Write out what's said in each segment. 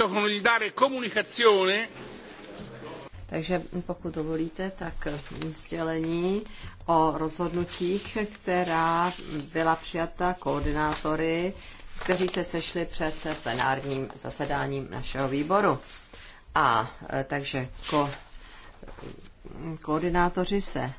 subito con il dare comunicazione. Takže pokud dovolíte, tak sdělení o rozhodnutích, která byla přijata koordinátory, kteří se sešli před plenárním zasedáním našeho výboru. A e, takže ko, koordinátoři se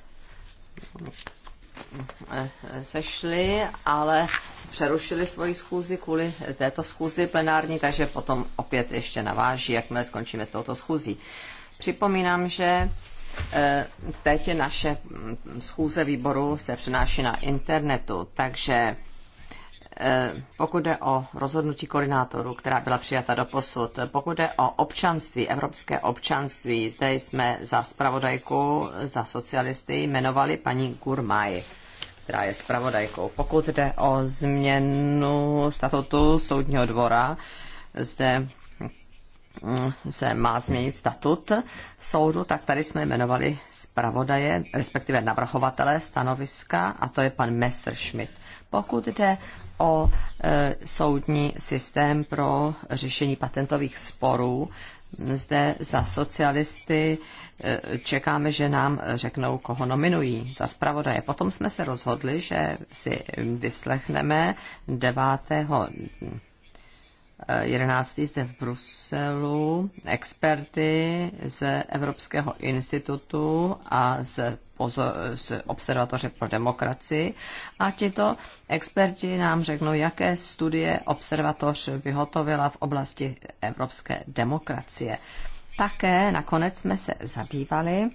sešli, ale přerušili svoji schůzi kvůli této schůzi plenární, takže potom opět ještě naváží, jakmile skončíme s touto schůzí. Připomínám, že eh, teď naše mm, schůze výboru se přenáší na internetu, takže eh, pokud jde o rozhodnutí koordinátorů, která byla přijata do posud, pokud jde o občanství, evropské občanství, zde jsme za spravodajku, za socialisty jmenovali paní Gurmaj která je zpravodajkou. Pokud jde o změnu statutu soudního dvora, zde mm, se má změnit statut soudu, tak tady jsme jmenovali zpravodaje, respektive navrhovatele stanoviska, a to je pan Messerschmidt. Pokud jde o e, soudní systém pro řešení patentových sporů, zde za socialisty eh, čekáme, že nám řeknou, koho nominují za zpravodaje. Potom jsme se rozhodli, že si vyslechneme 9. 11. Eh, zde v Bruselu experty z Evropského institutu a z z Observatoře pro demokracii a tito experti nám řeknou, jaké studie observatoř vyhotovila v oblasti evropské demokracie. Také nakonec jsme se zabývali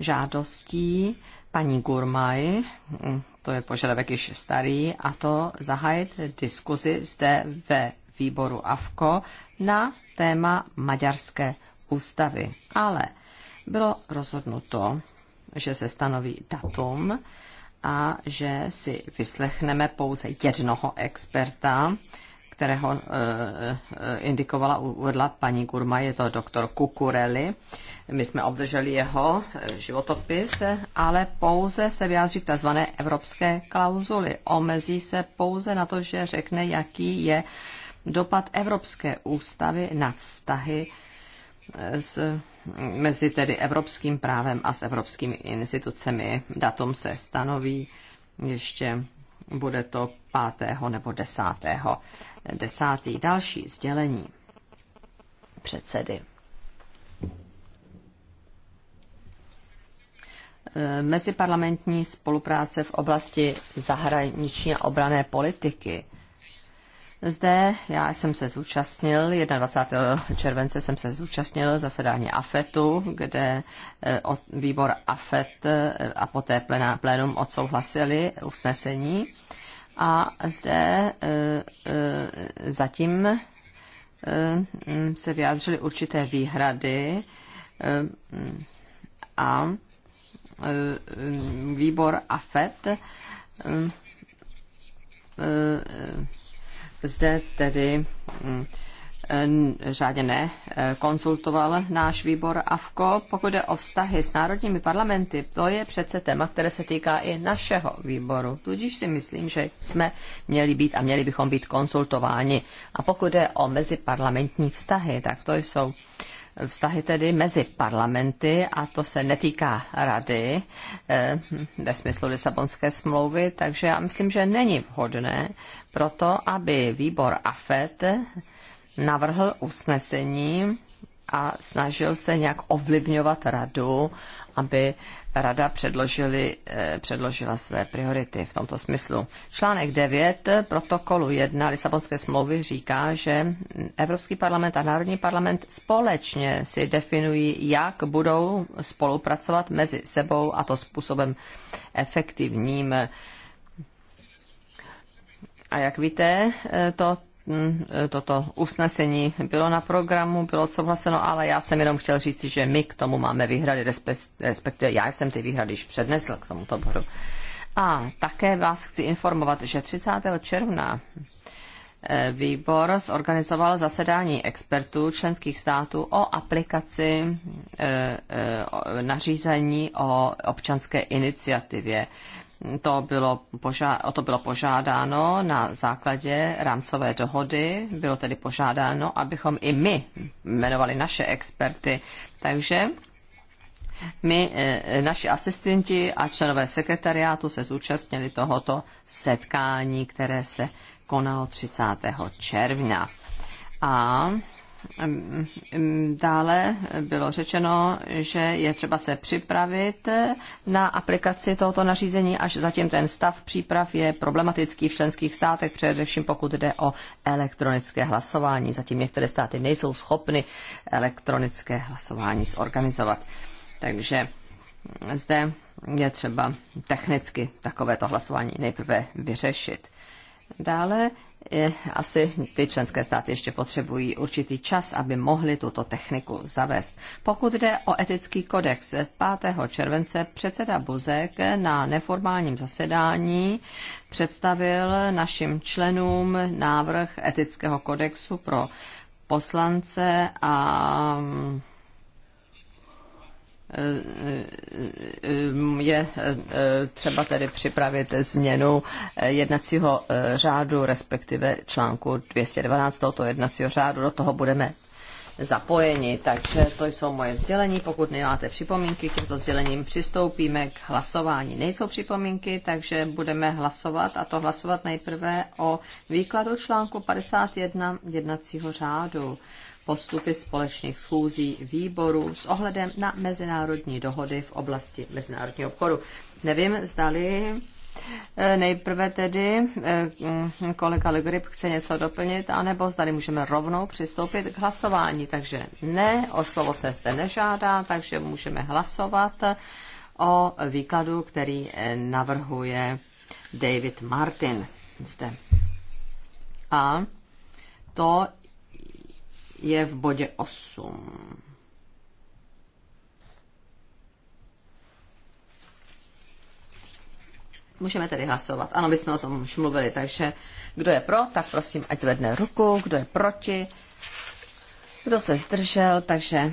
žádostí paní Gurmaj, hm, to je požadavek již starý, a to zahájit diskuzi zde ve výboru AFKO na téma maďarské ústavy. Ale bylo rozhodnuto, že se stanoví datum a že si vyslechneme pouze jednoho experta, kterého eh, eh, indikovala, uvedla paní Gurma je to doktor Kukureli. My jsme obdrželi jeho eh, životopis, ale pouze se vyjádří k tzv. evropské klauzuly. Omezí se pouze na to, že řekne, jaký je dopad Evropské ústavy na vztahy s, mezi tedy evropským právem a s evropskými institucemi. Datum se stanoví ještě bude to 5. nebo 10. 10. další sdělení předsedy. Meziparlamentní spolupráce v oblasti zahraniční a obrané politiky zde já jsem se zúčastnil, 21. července jsem se zúčastnil zasedání AFETu, kde eh, výbor AFET eh, a poté plénum odsouhlasili usnesení. A zde eh, zatím mm, se vyjádřily určité výhrady a výbor AFET zde tedy mm, eh, řádně ne, eh, konzultoval náš výbor AFKO. Pokud jde o vztahy s národními parlamenty, to je přece téma, které se týká i našeho výboru. Tudíž si myslím, že jsme měli být a měli bychom být konzultováni. A pokud jde o meziparlamentní vztahy, tak to jsou vztahy tedy mezi parlamenty a to se netýká rady eh, ve smyslu Lisabonské smlouvy, takže já myslím, že není vhodné proto, aby výbor AFET navrhl usnesení a snažil se nějak ovlivňovat radu, aby rada předložili, eh, předložila své priority v tomto smyslu. Článek 9 protokolu 1 Lisabonské smlouvy říká, že Evropský parlament a Národní parlament společně si definují, jak budou spolupracovat mezi sebou a to způsobem efektivním. A jak víte, eh, to Eh, toto usnesení bylo na programu, bylo odsouhlaseno, ale já jsem jenom chtěl říci, že my k tomu máme výhrady, respektive já jsem ty výhrady již přednesl k tomuto bodu. A také vás chci informovat, že 30. června eh, výbor zorganizoval zasedání expertů členských států o aplikaci eh, nařízení o občanské iniciativě to bylo poža- o to bylo požádáno na základě rámcové dohody. Bylo tedy požádáno, abychom i my jmenovali naše experty. Takže my, e, e, naši asistenti a členové sekretariátu se zúčastnili tohoto setkání, které se konalo 30. června. A Dále bylo řečeno, že je třeba se připravit na aplikaci tohoto nařízení, až zatím ten stav příprav je problematický v členských státech, především pokud jde o elektronické hlasování. Zatím některé státy nejsou schopny elektronické hlasování zorganizovat. Takže zde je třeba technicky takovéto hlasování nejprve vyřešit. Dále asi ty členské státy ještě potřebují určitý čas, aby mohly tuto techniku zavést. Pokud jde o etický kodex, 5. července předseda Buzek na neformálním zasedání představil našim členům návrh etického kodexu pro poslance a je eh, eh, třeba tedy připravit změnu eh, jednacího řádu, respektive článku 212 tohoto jednacího řádu. Do toho budeme zapojeni. Takže to jsou moje sdělení. Pokud nemáte připomínky k těmto sdělením, přistoupíme k hlasování. Nejsou připomínky, takže budeme hlasovat a to hlasovat nejprve o výkladu článku 51 jednacího řádu postupy společných schůzí výboru s ohledem na mezinárodní dohody v oblasti mezinárodního obchodu. Nevím, zdali eh, nejprve tedy eh, kolega Legrip chce něco doplnit, anebo zdali můžeme rovnou přistoupit k hlasování. Takže ne, o slovo se zde nežádá, takže můžeme hlasovat o výkladu, který eh, navrhuje David Martin zde. A to je v bodě 8. Můžeme tedy hlasovat. Ano, my jsme o tom už mluvili, takže kdo je pro, tak prosím, ať zvedne ruku, kdo je proti, kdo se zdržel, takže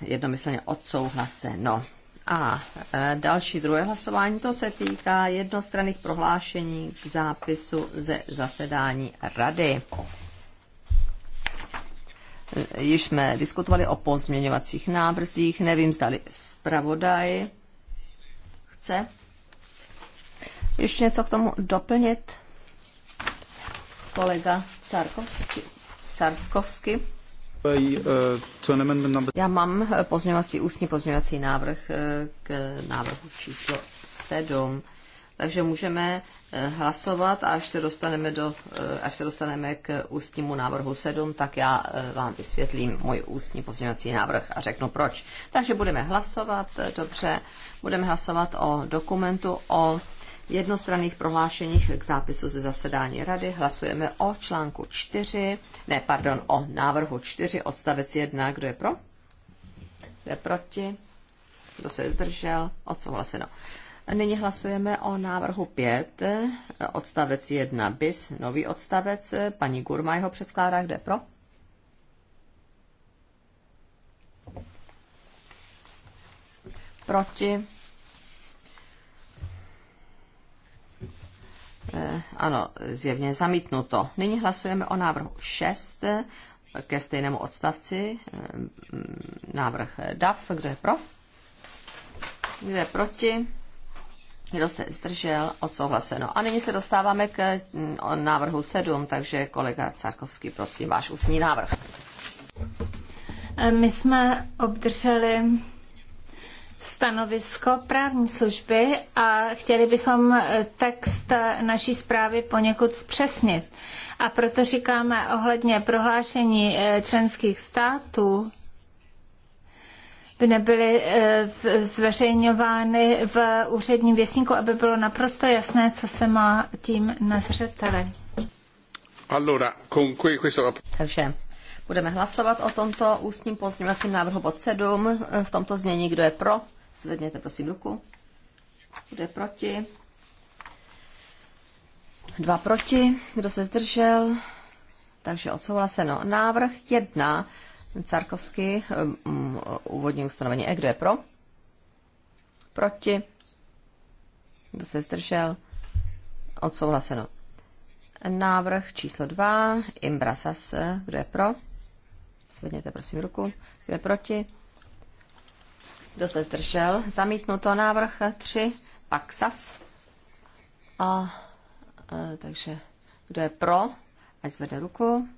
jednomyslně odsouhlaseno. A e, další druhé hlasování, to se týká jednostranných prohlášení k zápisu ze zasedání rady. Již jsme diskutovali o pozměňovacích návrzích, nevím, zdali zpravodaj chce ještě něco k tomu doplnit kolega Carkovský. Carskovsky. Já mám eh, pozměňovací, ústní pozměňovací návrh eh, k návrhu číslo 7 takže můžeme eh, hlasovat a až se dostaneme, do, eh, až se dostaneme k ústnímu návrhu 7, tak já eh, vám vysvětlím můj ústní pozměňovací návrh a řeknu proč. Takže budeme hlasovat, dobře, budeme hlasovat o dokumentu o jednostranných prohlášeních k zápisu ze zasedání rady. Hlasujeme o článku 4, ne, pardon, o návrhu 4, odstavec 1. Kdo je pro? Kdo je proti? Kdo se zdržel? Odsouhlaseno. Nyní hlasujeme o návrhu 5, odstavec 1 bis, nový odstavec. Paní Gurma jeho předkládá, kde pro? Proti? Eh, ano, zjevně zamítnuto. Nyní hlasujeme o návrhu 6 ke stejnému odstavci. Návrh DAF, kde je pro? Kde je proti? Kdo se zdržel? Odsouhlaseno. A nyní se dostáváme k mm, návrhu 7, takže kolega Carkovský, prosím, váš ústní návrh. E, my jsme obdrželi stanovisko právní služby a chtěli bychom e, text naší zprávy poněkud zpřesnit. A proto říkáme ohledně prohlášení e, členských států, nebyly eh, zveřejňovány v úředním věstníku, aby bylo naprosto jasné, co se má tím na zřeteli. Takže budeme hlasovat o tomto ústním pozměňovacím návrhu bod 7 eh, v tomto znění. Kdo je pro? Zvedněte prosím ruku. Kdo je proti? Dva proti. Kdo se zdržel? Takže odsouhlaseno. Návrh 1 um, úvodní ustanovení E, kdo je pro? Proti? Kdo se zdržel? Odsouhlaseno. Návrh číslo 2, Imbrasas, kdo je pro? Svedněte prosím ruku. Kdo je proti? Kdo se zdržel? Zamítnuto návrh 3, Paxas. A, a e, takže kdo je pro, ať zvedne ruku.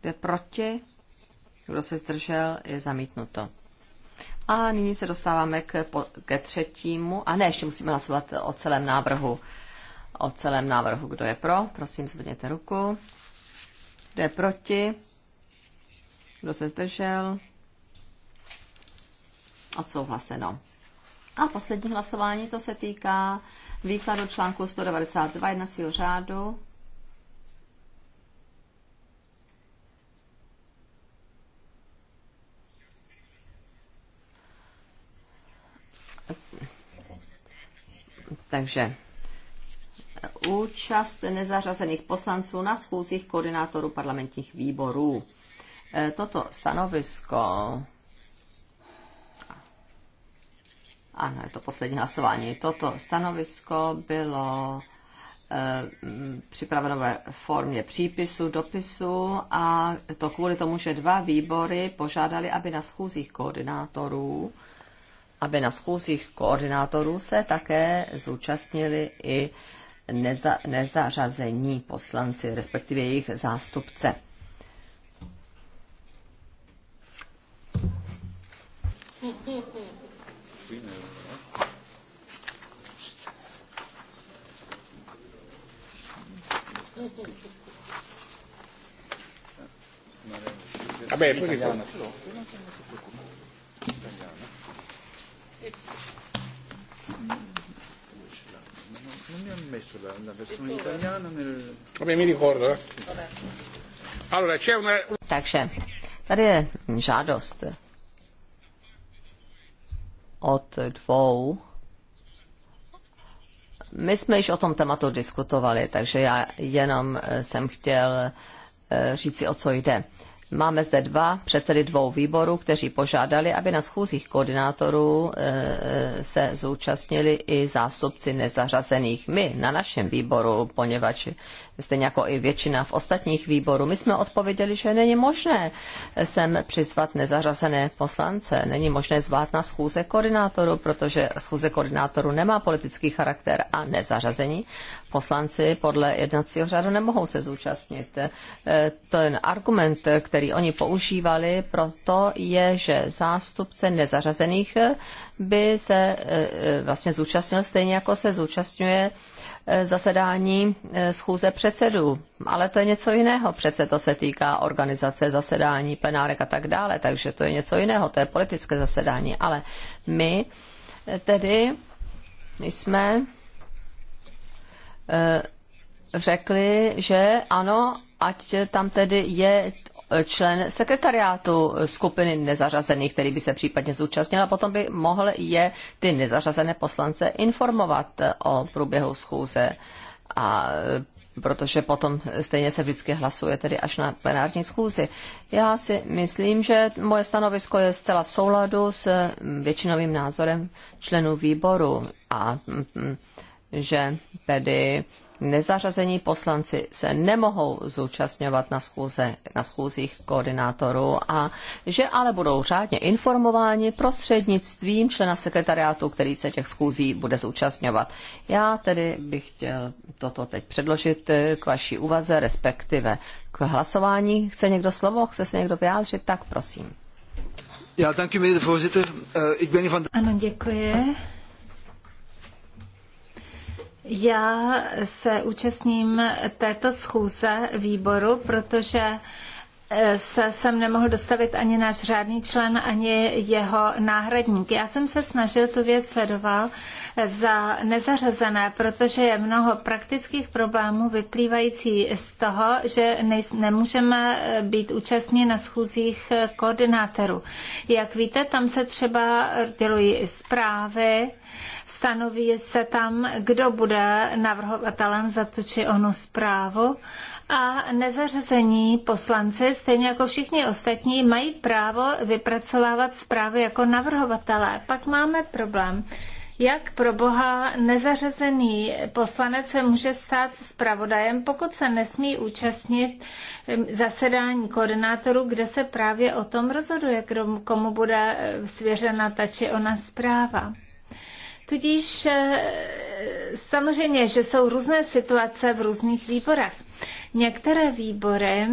Kdo je proti, kdo se zdržel, je zamítnuto. A nyní se dostáváme k, ke třetímu. A ne, ještě musíme hlasovat o celém návrhu. O celém návrhu. Kdo je pro? Prosím, zvedněte ruku. Kdo je proti? Kdo se zdržel? Odsouhlaseno. A poslední hlasování, to se týká výkladu článku 192 jednacího řádu Takže eh, účast nezařazených poslanců na schůzích koordinátorů parlamentních výborů. Eh, toto stanovisko. Ano, je to poslední hlasování. Toto stanovisko bylo eh, připraveno ve formě přípisu, dopisu a to kvůli tomu, že dva výbory požádali, aby na schůzích koordinátorů aby na schůzích koordinátorů se také zúčastnili i neza, nezařazení poslanci, respektive jejich zástupce. Vabbè, poi Non mi ha messo la, la versione italiana nel... Vabbè, mi ricordo, eh. Vabbè. Allora, c'è una... Takže, tady je žádost od dvou. My jsme již o tom tématu diskutovali, takže já jenom jsem chtěl eh, říci, o co jde. Máme zde dva předsedy dvou výborů, kteří požádali, aby na schůzích koordinátorů eh, eh, se zúčastnili i zástupci nezařazených. My na našem výboru, poněvadž stejně jako i většina v ostatních výborů, my jsme odpověděli, že není možné sem přizvat nezařazené poslance. Není možné zvát na schůze koordinátorů, protože schůze koordinátorů nemá politický charakter a nezařazení poslanci podle jednacího řádu nemohou se zúčastnit. Eh, ten argument, který který oni používali, proto je, že zástupce nezařazených by se e, e, vlastně zúčastnil stejně jako se zúčastňuje e, zasedání schůze předsedů. Ale to je něco jiného. Přece to se týká organizace zasedání, plenárek a tak dále, takže to je něco jiného. To je politické zasedání. Ale my tedy jsme řekli, že ano, ať tam tedy je člen sekretariátu skupiny nezařazených, který by se případně zúčastnil a potom by mohl je ty nezařazené poslance informovat o průběhu schůze. A protože potom stejně se vždycky hlasuje tedy až na plenární schůzi. Já si myslím, že moje stanovisko je zcela v souladu s mm, většinovým názorem členů výboru a mm, že tedy nezařazení poslanci se nemohou zúčastňovat na, schůze, na schůzích koordinátorů a že ale budou řádně informováni prostřednictvím člena sekretariátu, který se těch schůzí bude zúčastňovat. Já tedy bych chtěl toto teď předložit eh, k vaší úvaze, respektive k hlasování. Chce někdo slovo? Chce se někdo vyjádřit? Tak prosím. Ja, danke, meneer de voorzitter. Uh, ik ben van... Ano, děkuji. Já se účastním této schůze výboru, protože se sem nemohl dostavit ani náš řádný člen, ani jeho náhradník. Já jsem se snažil tu věc sledoval za nezařazené, protože je mnoho praktických problémů vyplývající z toho, že nemůžeme být účastní na schůzích koordinátorů. Jak víte, tam se třeba dělují zprávy, stanoví se tam, kdo bude navrhovatelem za tu či onu zprávu a nezařazení poslanci, stejně jako všichni ostatní, mají právo vypracovávat zprávy jako navrhovatelé. Pak máme problém. Jak pro boha nezařazený poslanec se může stát zpravodajem, pokud se nesmí účastnit zasedání koordinátorů, kde se právě o tom rozhoduje, komu bude eh, svěřena ta či ona zpráva? Tudíž eh, samozřejmě, že jsou různé situace v různých výborech. Některé výbory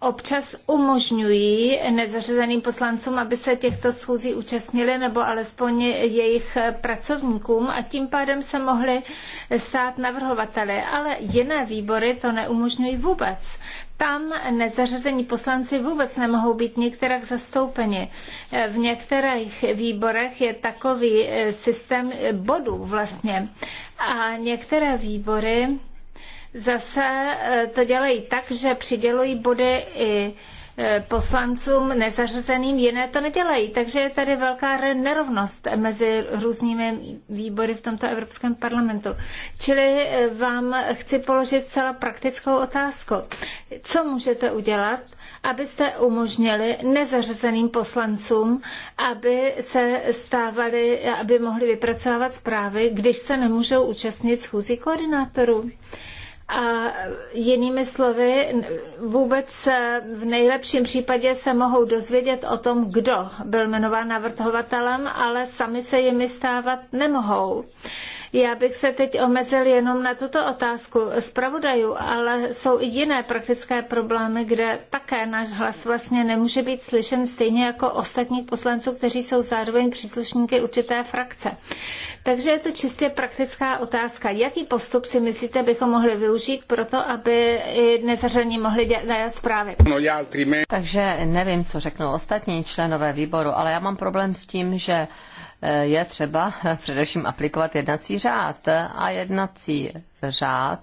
občas umožňují nezařazeným poslancům, aby se těchto schůzí účastnili nebo alespoň jejich pracovníkům a tím pádem se mohli stát navrhovateli. Ale jiné výbory to neumožňují vůbec. Tam nezařazení poslanci vůbec nemohou být některak zastoupeni. V některých výborech je takový systém bodů vlastně. A některé výbory zase eh, to dělají tak, že přidělují body i eh, poslancům nezařazeným, jiné to nedělají. Takže je tady velká nerovnost mezi různými výbory v tomto Evropském parlamentu. Čili eh, vám chci položit zcela praktickou otázku. Co můžete udělat, abyste umožnili nezařazeným poslancům, aby se stávali, aby mohli vypracovávat zprávy, když se nemůžou účastnit schůzí koordinátorů? a jinými slovy, vůbec v nejlepším případě se mohou dozvědět o tom, kdo byl jmenován navrhovatelem, ale sami se jimi stávat nemohou. Já bych se teď omezil jenom na tuto otázku zpravodajů, ale jsou i jiné praktické problémy, kde také náš hlas vlastně nemůže být slyšen stejně jako ostatních poslanců, kteří jsou zároveň příslušníky určité frakce. Takže je to čistě praktická otázka. Jaký postup si myslíte, bychom mohli využít pro to, aby nezařazení mohli dělat zprávy? No, Takže nevím, co řeknou ostatní členové výboru, ale já mám problém s tím, že je třeba především aplikovat jednací řád. A jednací řád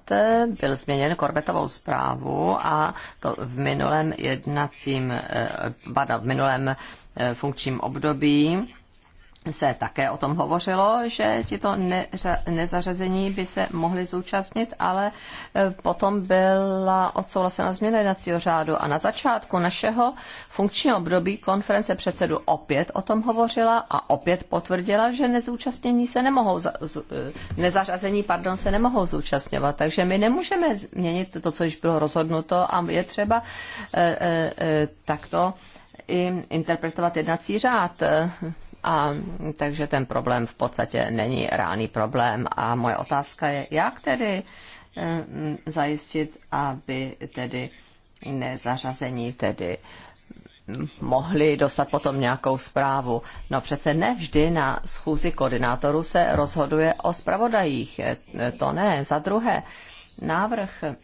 byl změněn korbetovou zprávu a to v minulém jednacím, eh, v minulém eh, funkčním období se také o tom hovořilo, že tito nezařazení by se mohli zúčastnit, ale e, potom byla odsouhlasena změna jednacího řádu a na začátku našeho funkčního období konference předsedu opět o tom hovořila a opět potvrdila, že nezúčastnění se nemohou, e, nezařazení pardon, se nemohou zúčastňovat. Takže my nemůžeme změnit to, co již bylo rozhodnuto a je třeba e, takto i interpretovat jednací řád a takže ten problém v podstatě není reálný problém. A moje otázka je, jak tedy e, zajistit, aby tedy nezařazení tedy mohli dostat potom nějakou zprávu. No přece ne vždy na schůzi koordinátorů se rozhoduje o zpravodajích. E, to ne. Za druhé, návrh e,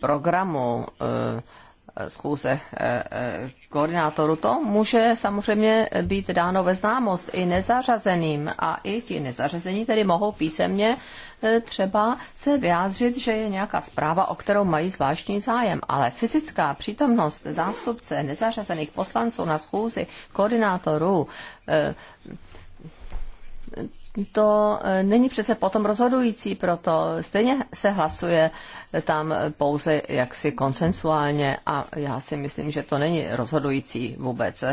programu Eh, schůze eh, eh, koordinátoru, to může samozřejmě být dáno ve známost i nezařazeným a i ti nezařazení tedy mohou písemně třeba se vyjádřit, že je nějaká zpráva, o kterou mají zvláštní zájem, ale fyzická přítomnost zástupce nezařazených poslanců na schůzi koordinátorů to e, není přece potom rozhodující, proto stejně se hlasuje tam pouze jaksi konsensuálně a já si myslím, že to není rozhodující vůbec.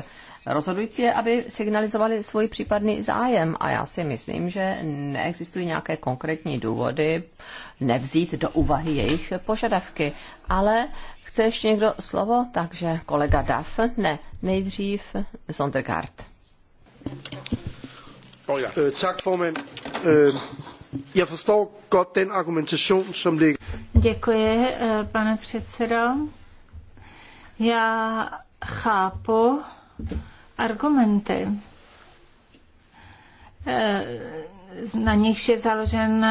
Rozhodující je, aby signalizovali svůj případný zájem a já si myslím, že neexistují nějaké konkrétní důvody nevzít do úvahy jejich požadavky. Ale chce ještě někdo slovo? Takže kolega Duff? Ne, nejdřív Sondergaard øh, tak formand. Øh, jeg forstår godt den argumentation, som ligger. Děkuji, øh, pane předsedo. Já chápu argumenty, øh, na nichž je založen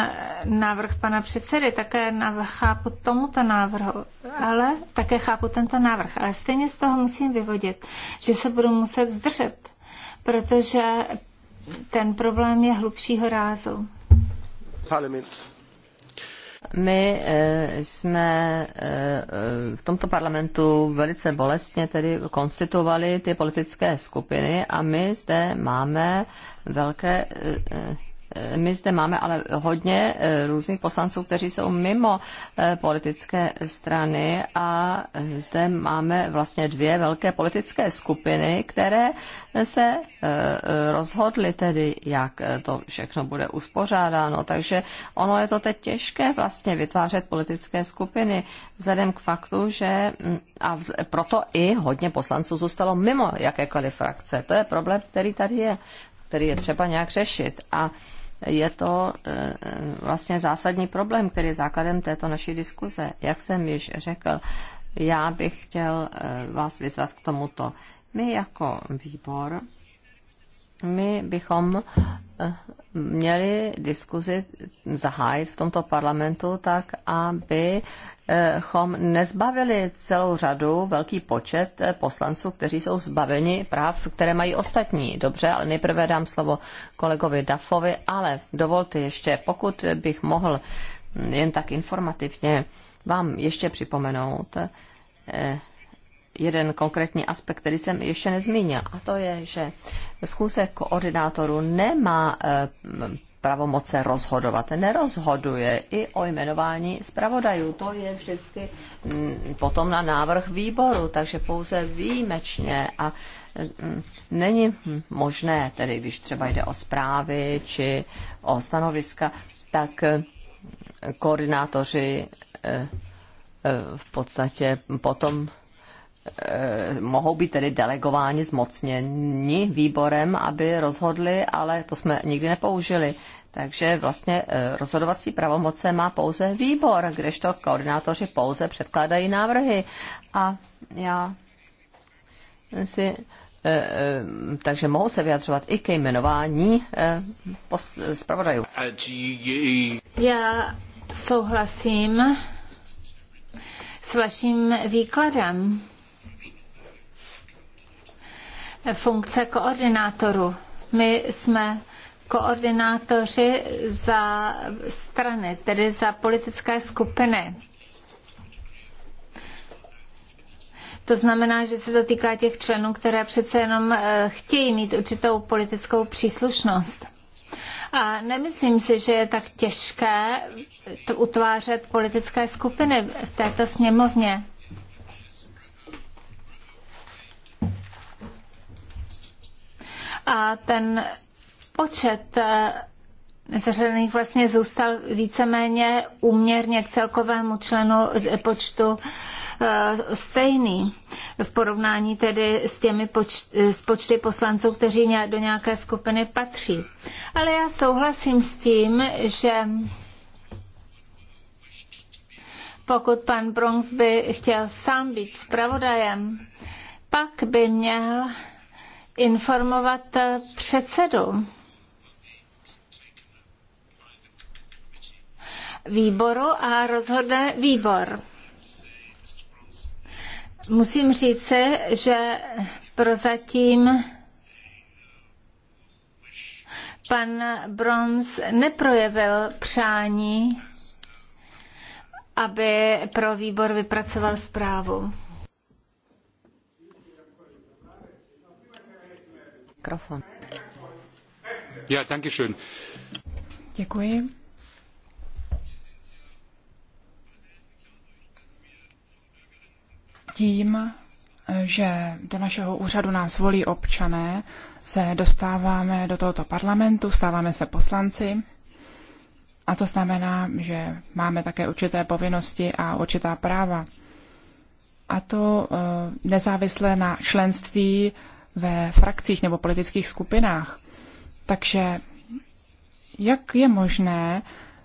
návrh pana předsedy. Také chápu tomuto návrhu, ale také chápu tento návrh. Ale stejně z toho musím vyvodit, že se budu muset zdržet, protože ten problém je hlubšího rázu. Parlament. My eh, jsme eh, v tomto parlamentu velice bolestně tedy konstituovali ty politické skupiny a my zde máme velké eh, Eh, my zde máme ale hodně eh, různých poslanců, kteří jsou mimo eh, politické strany a zde máme vlastně dvě velké politické skupiny, které se rozhodly tedy, jak to všechno bude uspořádáno. Takže ono je to teď těžké vlastně vytvářet politické skupiny vzhledem k faktu, že mm, a vz, proto i hodně poslanců zůstalo mimo jakékoliv frakce. To je problém, který tady je, který je třeba nějak řešit. A je to e, vlastně zásadní problém, který je základem této naší diskuze. Jak jsem již řekl, já bych chtěl e, vás vyzvat k tomuto. My jako výbor, my bychom e, měli diskuzi zahájit v tomto parlamentu tak, aby chom nezbavili celou řadu, velký počet poslanců, kteří jsou zbaveni práv, které mají ostatní. Dobře, ale nejprve dám slovo kolegovi Dafovi, ale dovolte ještě, pokud bych mohl jen tak informativně vám ještě připomenout, eh, jeden konkrétní aspekt, který jsem ještě nezmínil, a to je, že schůze koordinátorů nemá eh, pravomoce rozhodovat. Nerozhoduje i o jmenování zpravodajů. To je vždycky mm, potom na návrh výboru, takže pouze výjimečně a mm, není možné, tedy když třeba jde o zprávy či o stanoviska, tak eh, koordinátoři eh, v podstatě potom Eh, mohou být tedy delegováni, zmocněni výborem, aby rozhodli, ale to jsme nikdy nepoužili. Takže vlastně eh, rozhodovací pravomoce má pouze výbor, kdežto koordinátoři pouze předkládají návrhy. A já si eh, takže mohou se vyjadřovat i ke jmenování zpravodajů. Já souhlasím s vaším výkladem funkce koordinátorů. My jsme koordinátoři za strany, tedy za politické skupiny. To znamená, že se to týká těch členů, které přece jenom eh, chtějí mít určitou politickou příslušnost. A nemyslím si, že je tak těžké utvářet politické skupiny v této sněmovně. a ten počet eh, zařazených vlastně zůstal víceméně úměrně k celkovému členu počtu eh, stejný v porovnání tedy s těmi počty, eh, s počty poslanců, kteří do nějaké skupiny patří. Ale já souhlasím s tím, že pokud pan Bronx by chtěl sám být zpravodajem, pak by měl informovat eh, předsedu výboru a rozhodne výbor. Musím říci, že prozatím pan Brons neprojevil přání, aby pro výbor vypracoval zprávu. Mikrofon. Ja, danke schön. Děkuji. Tím, že do našeho úřadu nás volí občané, se dostáváme do tohoto parlamentu, stáváme se poslanci. A to znamená, že máme také určité povinnosti a určitá práva. A to eh, nezávisle na členství ve frakcích nebo politických skupinách. Takže jak je možné,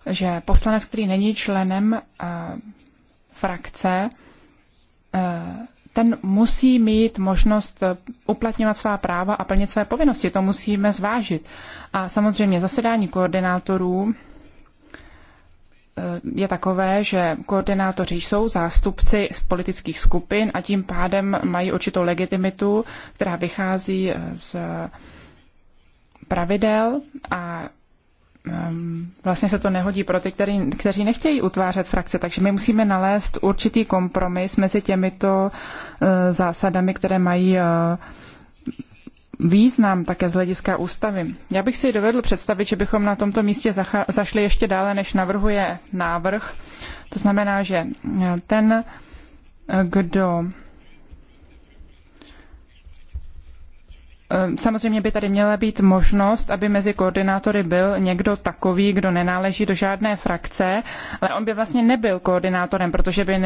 že poslanec, který není členem uh, frakce, uh, ten musí mít možnost uplatňovat svá práva a plnit své povinnosti. To musíme zvážit. A samozřejmě zasedání koordinátorů Eh, je takové, že koordinátoři jsou zástupci z politických skupin a tím pádem mají určitou legitimitu, která vychází eh, z pravidel a ehm, vlastně se to nehodí pro ty, který, kteří nechtějí utvářet frakce. Takže my musíme nalézt určitý kompromis mezi těmito eh, zásadami, které mají význam také z hlediska ústavy. Já bych si dovedl představit, že bychom na tomto místě zašli ještě dále, než navrhuje návrh. To znamená, že ten, kdo Ehm, samozřejmě by tady měla být možnost, aby mezi koordinátory byl někdo takový, kdo nenáleží do žádné frakce, ale on by vlastně nebyl koordinátorem, protože by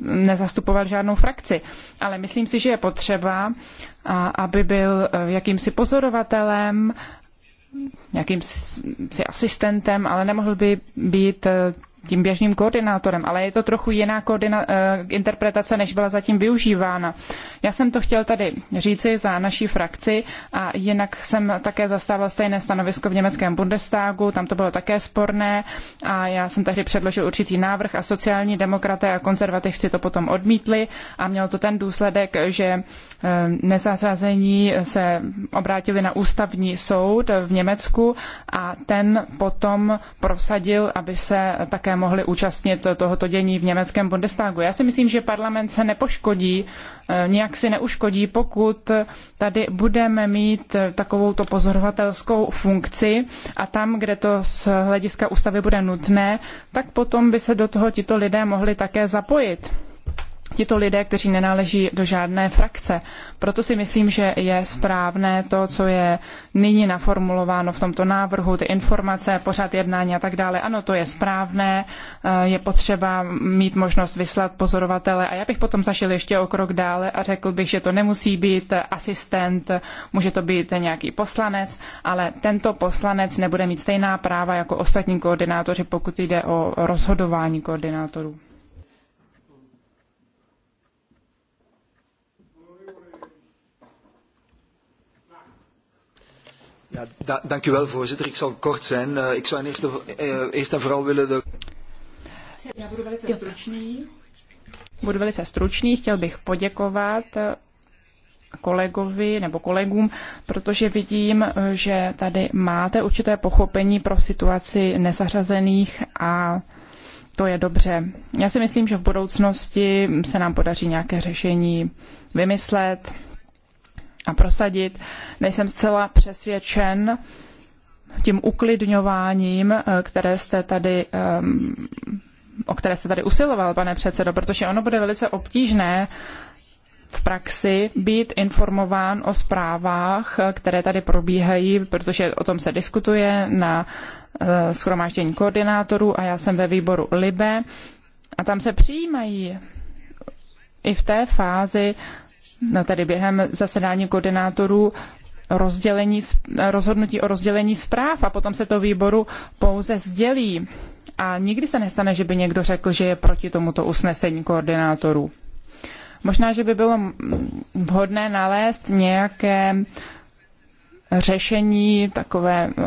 nezastupoval žádnou frakci. Ale myslím si, že je potřeba, aby byl eh, jakýmsi pozorovatelem, jakýmsi asistentem, ale nemohl by být eh, tím běžným koordinátorem, ale je to trochu jiná koordina- eh, interpretace, než byla zatím využívána. Já jsem to chtěl tady říci za naší frakci a jinak jsem také zastával stejné stanovisko v německém Bundestagu, tam to bylo také sporné a já jsem tehdy předložil určitý návrh a sociální demokraté a konzervativci to potom odmítli a mělo to ten důsledek, že eh, nezasazení se obrátili na ústavní soud v Německu a ten potom prosadil, aby se také mohli účastnit tohoto dění v německém Bundestagu. Já si myslím, že parlament se nepoškodí, eh, nijak si neuškodí, pokud tady budeme mít eh, takovouto pozorovatelskou funkci a tam, kde to z hlediska ústavy bude nutné, tak potom by se do toho tito lidé mohli také zapojit tito lidé, kteří nenáleží do žádné frakce. Proto si myslím, že je správné to, co je nyní naformulováno v tomto návrhu, ty informace, pořád jednání a tak dále. Ano, to je správné, eh, je potřeba mít možnost vyslat pozorovatele a já bych potom zašel ještě o krok dále a řekl bych, že to nemusí být asistent, může to být nějaký poslanec, ale tento poslanec nebude mít stejná práva jako ostatní koordinátoři, pokud jde o rozhodování koordinátorů. Ja, da, dank u wel, voorzitter. Ik zal kort zijn. Uh, ik zou eerst, uh, eerst en vooral willen... De... velice stručný. Budu velice stručný. Chtěl bych poděkovat eh, kolegovi nebo kolegům, protože vidím, že tady máte určité pochopení pro situaci nezařazených a to je dobře. Já si myslím, že v budoucnosti se nám podaří nějaké řešení vymyslet a prosadit. Nejsem zcela přesvědčen tím uklidňováním, eh, které jste tady ehm, o které se tady usiloval, pane předsedo, protože ono bude velice obtížné v praxi být informován o zprávách, eh, které tady probíhají, protože o tom se diskutuje na eh, schromáždění koordinátorů a já jsem ve výboru LIBE a tam se přijímají i v té fázi No tady během zasedání koordinátorů rozdělení, rozhodnutí o rozdělení zpráv a potom se to výboru pouze sdělí. A nikdy se nestane, že by někdo řekl, že je proti tomuto usnesení koordinátorů. Možná, že by bylo vhodné nalézt nějaké řešení, takové, eh,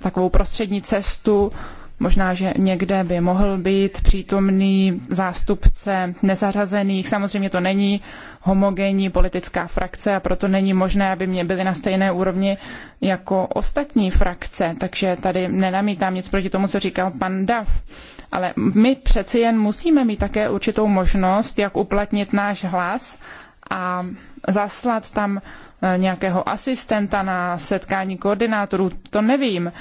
takovou prostřední cestu, Možná, že někde by mohl být přítomný zástupce nezařazených. Samozřejmě to není homogenní politická frakce a proto není možné, aby mě byly na stejné úrovni jako ostatní frakce. Takže tady nenamítám nic proti tomu, co říkal pan Dav. Ale my přeci jen musíme mít také určitou možnost, jak uplatnit náš hlas a zaslat tam eh, nějakého asistenta na setkání koordinátorů, to nevím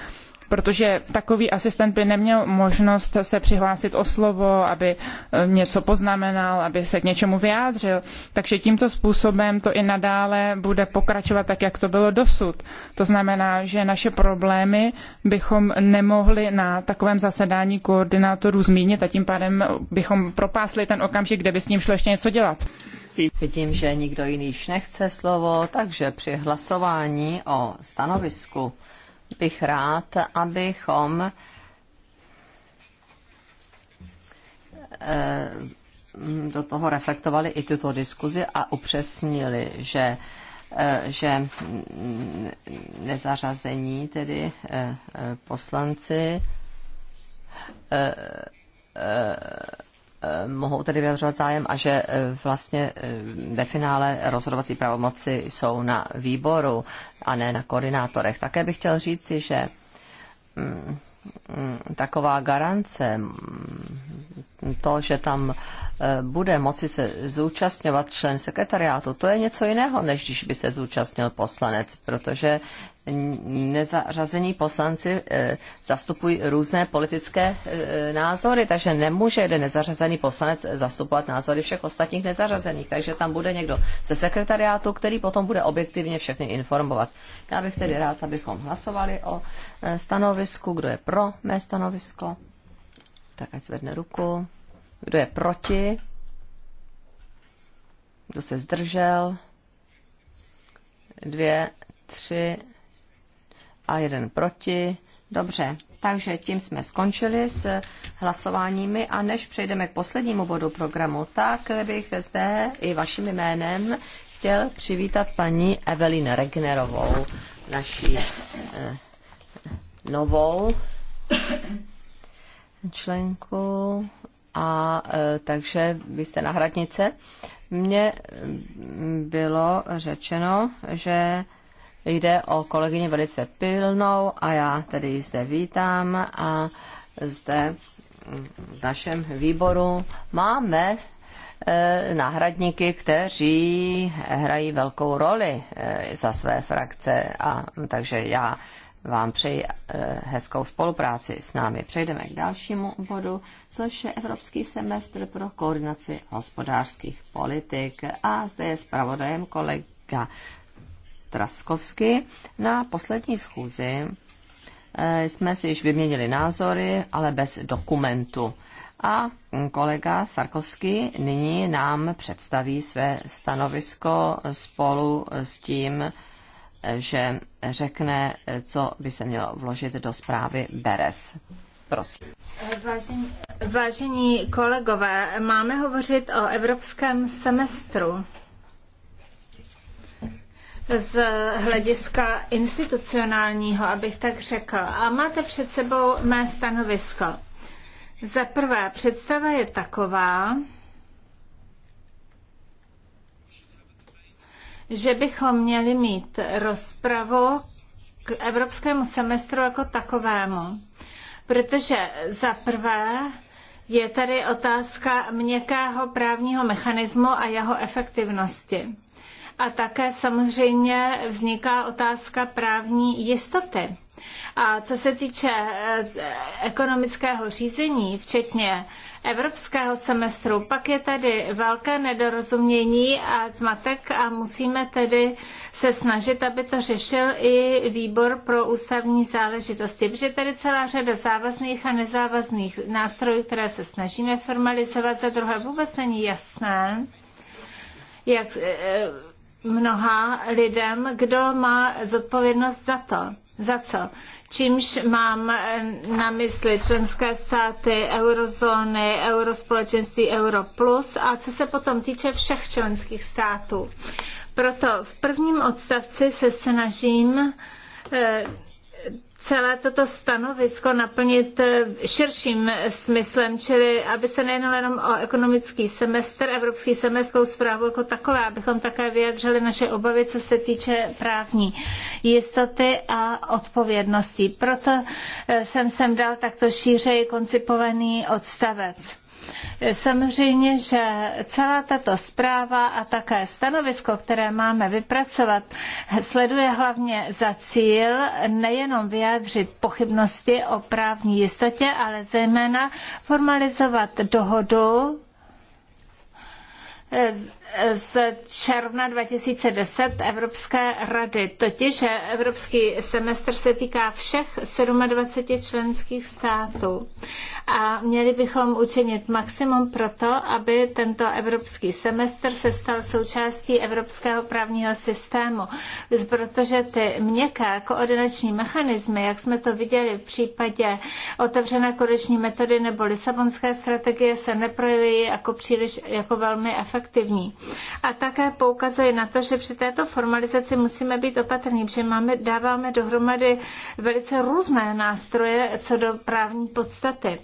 protože takový asistent by neměl možnost se přihlásit o slovo, aby eh, něco poznamenal, aby se k něčemu vyjádřil. Takže tímto způsobem to i nadále bude pokračovat tak, jak to bylo dosud. To znamená, že naše problémy bychom nemohli na takovém zasedání koordinátorů zmínit a tím pádem bychom propásli ten okamžik, kde by s ním šlo ještě něco dělat. Vidím, že nikdo jiný již nechce slovo, takže při hlasování o stanovisku bych rád, abychom eh, do toho reflektovali i tuto diskuzi a upřesnili, že eh, že nezařazení, tedy eh, poslanci, Eh, mohou tedy vyjadřovat zájem a že eh, vlastně eh, ve finále rozhodovací pravomoci jsou na výboru a ne na koordinátorech. Také bych chtěl říci, že mm, mm, taková garance, mm, to, že tam bude moci se zúčastňovat člen sekretariátu, to je něco jiného, než když by se zúčastnil poslanec, protože nezařazení poslanci eh, zastupují různé politické eh, názory, takže nemůže jeden nezařazený poslanec zastupovat názory všech ostatních nezařazených. Takže tam bude někdo ze sekretariátu, který potom bude objektivně všechny informovat. Já bych tedy rád, abychom hlasovali o eh, stanovisku, kdo je pro mé stanovisko. Tak ať zvedne ruku. Kdo je proti? Kdo se zdržel? Dvě, tři, a jeden proti. Dobře, takže tím jsme skončili s hlasováními a než přejdeme k poslednímu bodu programu, tak bych zde i vaším jménem chtěl přivítat paní Evelyn Regnerovou, naší eh, novou členku a eh, takže vy jste na hradnice. Mně mm, bylo řečeno, že Jde o kolegyni velice pilnou a já tedy ji zde vítám a zde v našem výboru máme eh, náhradníky, kteří hrají velkou roli eh, za své frakce. A, takže já vám přeji eh, hezkou spolupráci s námi. Přejdeme k dalšímu bodu, což je Evropský semestr pro koordinaci hospodářských politik. A zde je zpravodajem kolega Traskovsky. Na poslední schůzi eh, jsme si již vyměnili názory, ale bez dokumentu. A kolega Sarkovský nyní nám představí své stanovisko spolu s tím, eh, že řekne, eh, co by se mělo vložit do zprávy Beres. Prosím. Vážení, vážení kolegové, máme hovořit o evropském semestru z hlediska institucionálního, abych tak řekl. A máte před sebou mé stanovisko. Za prvé, představa je taková, že bychom měli mít rozpravu k evropskému semestru jako takovému. Protože za prvé je tady otázka měkkého právního mechanismu a jeho efektivnosti. A také samozřejmě vzniká otázka právní jistoty. A co se týče eh, ekonomického řízení, včetně evropského semestru, pak je tady velké nedorozumění a zmatek a musíme tedy se snažit, aby to řešil i výbor pro ústavní záležitosti, protože tady celá řada závazných a nezávazných nástrojů, které se snažíme formalizovat, za druhé vůbec není jasné, jak eh, mnoha lidem, kdo má zodpovědnost za to. Za co? Čímž mám eh, na mysli členské státy, eurozóny, eurospolečenství, euro plus a co se potom týče všech členských států. Proto v prvním odstavci se snažím eh, celé toto stanovisko naplnit eh, širším eh, smyslem, čili aby se nejednalo jenom o ekonomický semestr, evropský semestr, zprávu jako taková, abychom také vyjadřili naše obavy, co se týče právní jistoty a odpovědnosti. Proto eh, jsem sem dal takto šířeji koncipovaný odstavec. Samozřejmě, že celá tato zpráva a také stanovisko, které máme vypracovat, sleduje hlavně za cíl nejenom vyjádřit pochybnosti o právní jistotě, ale zejména formalizovat dohodu z června 2010 Evropské rady, totiž že Evropský semestr se týká všech 27 členských států. A měli bychom učinit maximum pro to, aby tento Evropský semestr se stal součástí evropského právního systému, protože ty měkké koordinační mechanismy, jak jsme to viděli v případě otevřené kodeční metody nebo Lisabonské strategie, se neprojevují jako příliš jako velmi efektivní. A také poukazuje na to, že při této formalizaci musíme být opatrní, že máme, dáváme dohromady velice různé nástroje co do právní podstaty.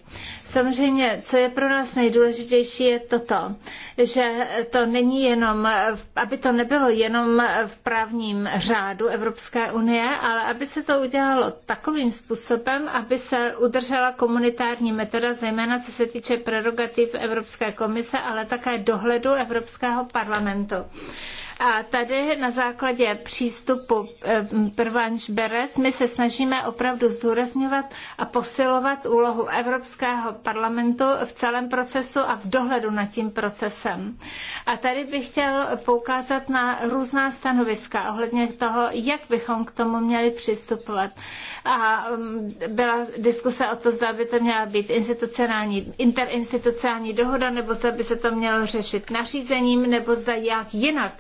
Samozřejmě, co je pro nás nejdůležitější, je toto, že to není jenom, aby to nebylo jenom v právním řádu Evropské unie, ale aby se to udělalo takovým způsobem, aby se udržela komunitární metoda, zejména co se týče prerogativ Evropské komise, ale také dohledu Evropského parlamentu. A tady na základě přístupu eh, Prvanš Beres my se snažíme opravdu zdůrazňovat a posilovat úlohu Evropského parlamentu v celém procesu a v dohledu nad tím procesem. A tady bych chtěl poukázat na různá stanoviska ohledně toho, jak bychom k tomu měli přistupovat. A mm, byla diskuse o to, zda by to měla být institucionální, interinstitucionální dohoda, nebo zda by se to mělo řešit nařízením, nebo zda jak jinak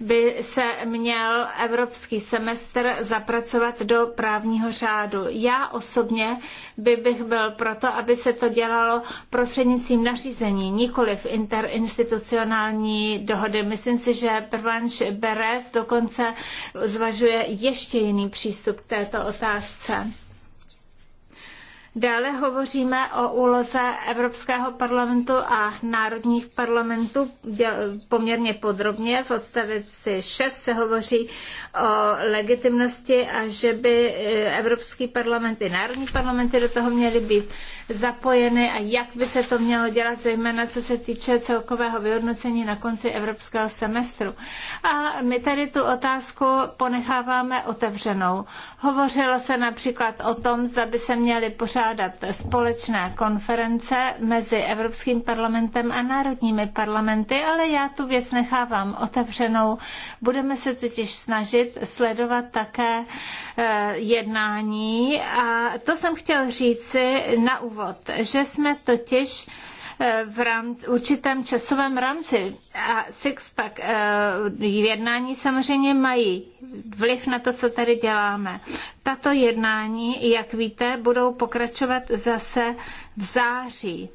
by se měl evropský semestr zapracovat do právního řádu. Já osobně by bych byl proto, aby se to dělalo prostřednictvím nařízení, nikoli v interinstitucionální dohody. Myslím si, že Pervanš Beres dokonce zvažuje ještě jiný přístup k této otázce. Dále hovoříme o úloze Evropského parlamentu a národních parlamentů poměrně podrobně. V odstavci 6 se hovoří o legitimnosti a že by eh, Evropský parlament i národní parlamenty do toho měly být zapojeny a jak by se to mělo dělat, zejména co se týče celkového vyhodnocení na konci evropského semestru. A my tady tu otázku ponecháváme otevřenou. Hovořilo se například o tom, zda by se měly pořádat společné konference mezi Evropským parlamentem a národními parlamenty, ale já tu věc nechávám otevřenou. Budeme se totiž snažit sledovat také eh, jednání a to jsem chtěl říci na úvod úvod, že jsme totiž eh, v rámci, určitém časovém rámci a Sixpack eh, jednání samozřejmě mají vliv na to, co tady děláme. Tato jednání, jak víte, budou pokračovat zase v září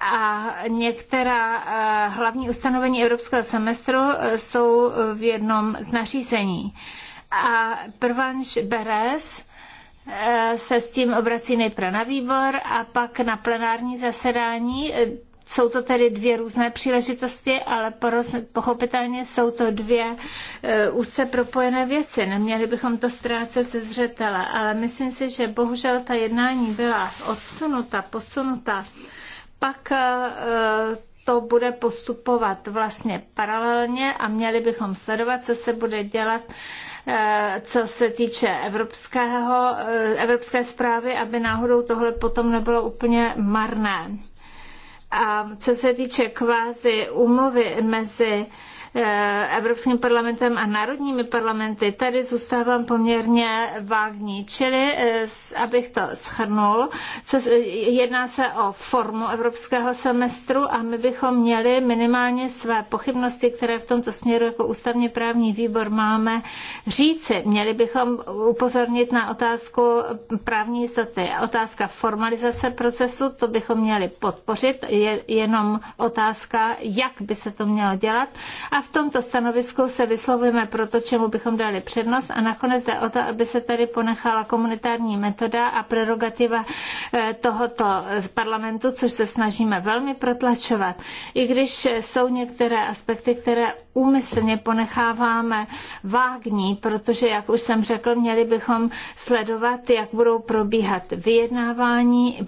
a některá eh, hlavní ustanovení evropského semestru jsou v jednom z nařízení. A Prvanš Beres Eh, se s tím obrací nejprve na výbor a pak na plenární zasedání. Eh, jsou to tedy dvě různé příležitosti, ale pochopitelně jsou to dvě eh, úzce propojené věci. Neměli bychom to ztrácet ze zřetele, ale myslím si, že bohužel ta jednání byla odsunuta, posunuta. Pak to bude postupovat vlastně paralelně a měli bychom sledovat, co se bude dělat Eh, co se týče evropského, eh, evropské zprávy, aby náhodou tohle potom nebylo úplně marné. A co se týče kvázi umluvy mezi Eh, Evropským parlamentem a národními parlamenty, tady zůstávám poměrně vágní. Čili, eh, abych to schrnul, jedná se o formu evropského semestru a my bychom měli minimálně své pochybnosti, které v tomto směru jako ústavně právní výbor máme, říci. Měli bychom upozornit na otázku právní jistoty. Otázka formalizace procesu, to bychom měli podpořit, je jenom otázka, jak by se to mělo dělat. A v tomto stanovisku se vyslovujeme pro to, čemu bychom dali přednost a nakonec jde o to, aby se tady ponechala komunitární metoda a prerogativa eh, tohoto parlamentu, což se snažíme velmi protlačovat. I když jsou některé aspekty, které úmyslně ponecháváme vágní, protože, jak už jsem řekl, měli bychom sledovat, jak budou probíhat vyjednávání,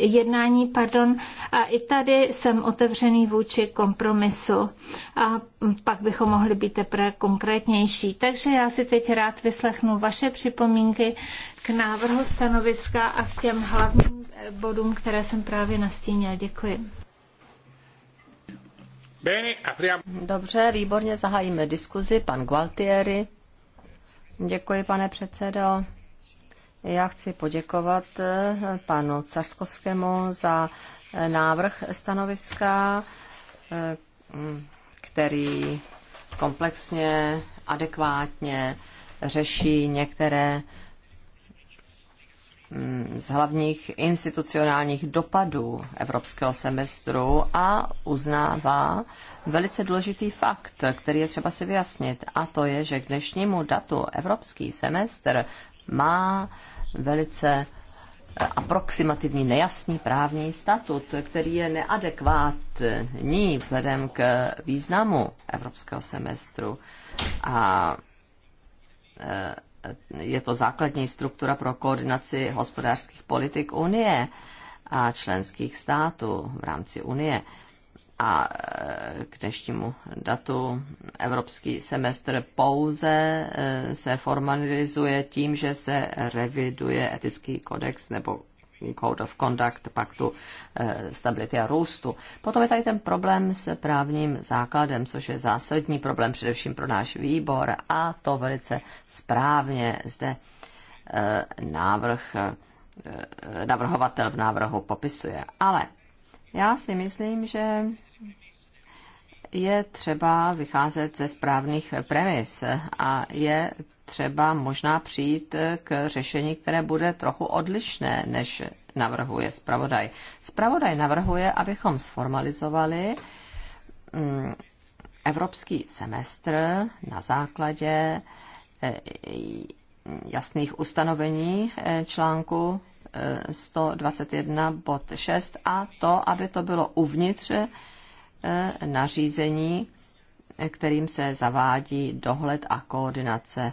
jednání, pardon, a i tady jsem otevřený vůči kompromisu a pak bychom mohli být teprve konkrétnější. Takže já si teď rád vyslechnu vaše připomínky k návrhu stanoviska a k těm hlavním bodům, které jsem právě nastínil. Děkuji. Dobře, výborně zahájíme diskuzi. Pan Gualtieri. Děkuji, pane předsedo. Já chci poděkovat eh, panu Carskovskému za eh, návrh stanoviska, eh, mm, který komplexně, adekvátně řeší některé Mm, z hlavních institucionálních dopadů evropského semestru a uznává velice důležitý fakt, který je třeba si vyjasnit, a to je, že k dnešnímu datu evropský semestr má velice eh, aproximativní, nejasný právní statut, který je neadekvátní vzhledem k významu evropského semestru. A eh, je to základní struktura pro koordinaci hospodářských politik Unie a členských států v rámci Unie. A e, k dnešnímu datu evropský semestr pouze e, se formalizuje tím, že se reviduje etický kodex nebo Code of Conduct paktu eh, stability a růstu. Potom je tady ten problém s právním základem, což je zásadní problém především pro náš výbor a to velice správně zde eh, návrh eh, navrhovatel v návrhu popisuje. Ale já si myslím, že je třeba vycházet ze správných premis a je třeba možná přijít eh, k řešení, které bude trochu odlišné, než navrhuje zpravodaj. Zpravodaj navrhuje, abychom sformalizovali mm, evropský semestr na základě eh, jasných ustanovení eh, článku 121 bod 6 a to, aby to bylo uvnitř nařízení, kterým se zavádí dohled a koordinace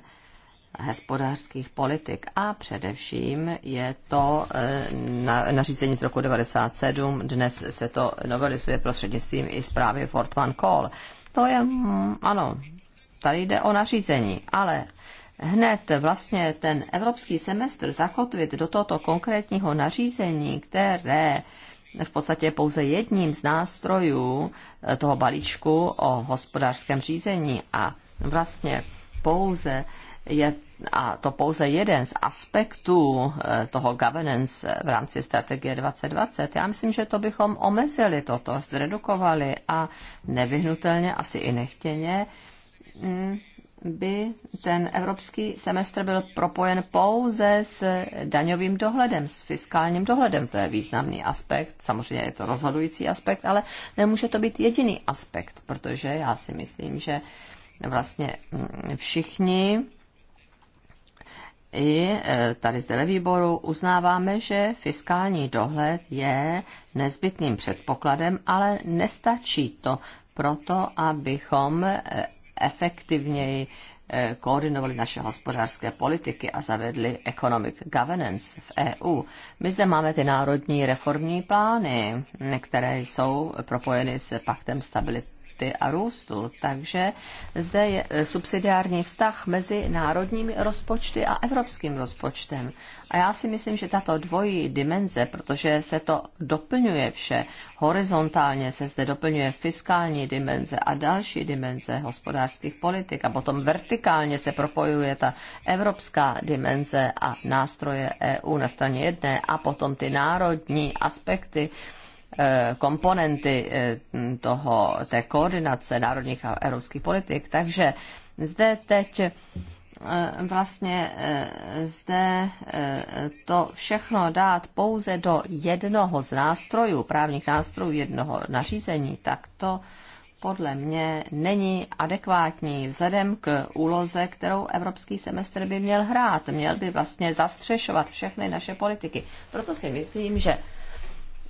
hospodářských politik a především je to e, na, nařízení z roku 97, dnes se to novelizuje prostřednictvím i zprávy Fort van Call. To je, mm, ano, tady jde o nařízení, ale hned vlastně ten evropský semestr zakotvit do tohoto konkrétního nařízení, které v podstatě pouze jedním z nástrojů e, toho balíčku o hospodářském řízení a vlastně pouze je a to pouze jeden z aspektů eh, toho governance eh, v rámci strategie 2020. Já myslím, že to bychom omezili toto, zredukovali a nevyhnutelně, asi i nechtěně, mm, by ten evropský semestr byl propojen pouze s daňovým dohledem, s fiskálním dohledem. To je významný aspekt, samozřejmě je to rozhodující aspekt, ale nemůže to být jediný aspekt, protože já si myslím, že vlastně mm, všichni i e, tady zde ve výboru uznáváme, že fiskální dohled je nezbytným předpokladem, ale nestačí to proto, abychom e, efektivněji e, koordinovali naše hospodářské politiky a zavedli economic governance v EU. My zde máme ty národní reformní plány, které jsou propojeny s paktem stability stability a růstu. Takže zde je eh, subsidiární vztah mezi národními rozpočty a evropským rozpočtem. A já si myslím, že tato dvojí dimenze, protože se to doplňuje vše, horizontálně se zde doplňuje fiskální dimenze a další dimenze hospodářských politik a potom vertikálně se propojuje ta evropská dimenze a nástroje EU na straně jedné a potom ty národní aspekty, Eh, komponenty eh, toho, té koordinace národních a evropských politik. Takže zde teď eh, vlastně zde to všechno dát pouze do jednoho z nástrojů, právních nástrojů jednoho nařízení, tak to podle mě není adekvátní vzhledem k úloze, kterou evropský semestr by měl hrát. Měl by vlastně zastřešovat všechny naše politiky. Proto si myslím, že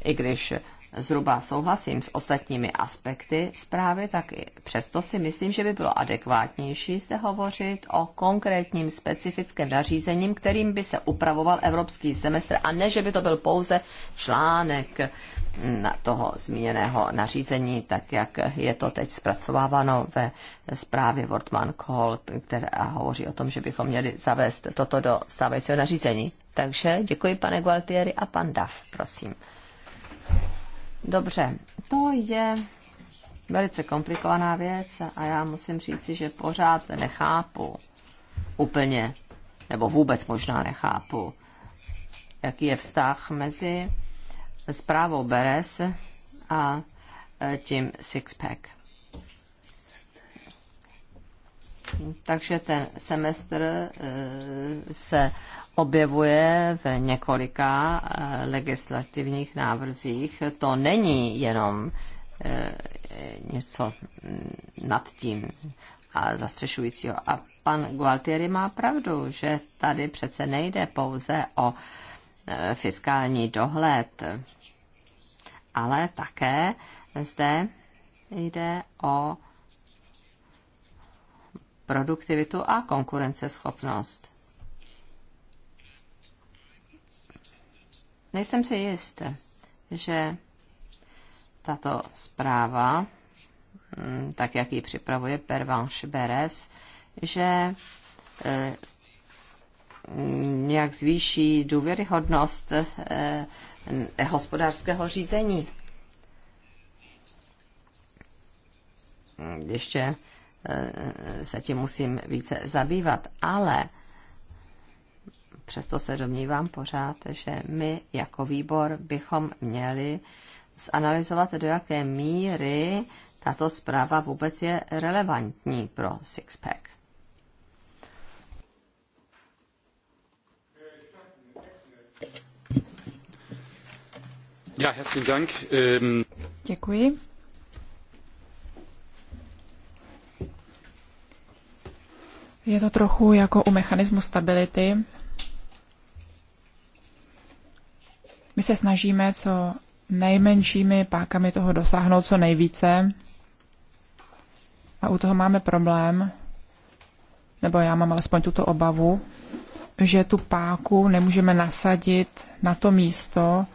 i když zhruba souhlasím s ostatními aspekty zprávy, tak i přesto si myslím, že by bylo adekvátnější zde hovořit o konkrétním specifickém nařízením, kterým by se upravoval evropský semestr a ne, že by to byl pouze článek mm, na toho zmíněného nařízení, tak jak je to teď zpracováváno ve zprávě Wortmann Call, která hovoří o tom, že bychom měli zavést toto do stávajícího nařízení. Takže děkuji pane Gualtieri a pan Dav, prosím. Dobře, to je velice komplikovaná věc a já musím říci, že pořád nechápu úplně, nebo vůbec možná nechápu, jaký je vztah mezi zprávou Beres a e, tím Sixpack. Takže ten semestr e, se objevuje v několika eh, legislativních návrzích. To není jenom eh, něco nad tím a zastřešujícího. A pan Gualtieri má pravdu, že tady přece nejde pouze o eh, fiskální dohled, ale také zde jde o produktivitu a konkurenceschopnost. Nejsem si jist, že tato zpráva, mm, tak jak ji připravuje Pervanche Beres, že e, mm, nějak zvýší důvěryhodnost e, hospodářského řízení. Ještě e, se tím musím více zabývat, ale Přesto se domnívám pořád, že my jako výbor bychom měli zanalizovat, do jaké míry tato zpráva vůbec je relevantní pro Sixpack. Dank. Ähm, Děkuji. Je to trochu jako u mechanismu stability, My se snažíme co nejmenšími pákami toho dosáhnout co nejvíce. A u toho máme problém, nebo já mám alespoň tuto obavu, že tu páku nemůžeme nasadit na to místo,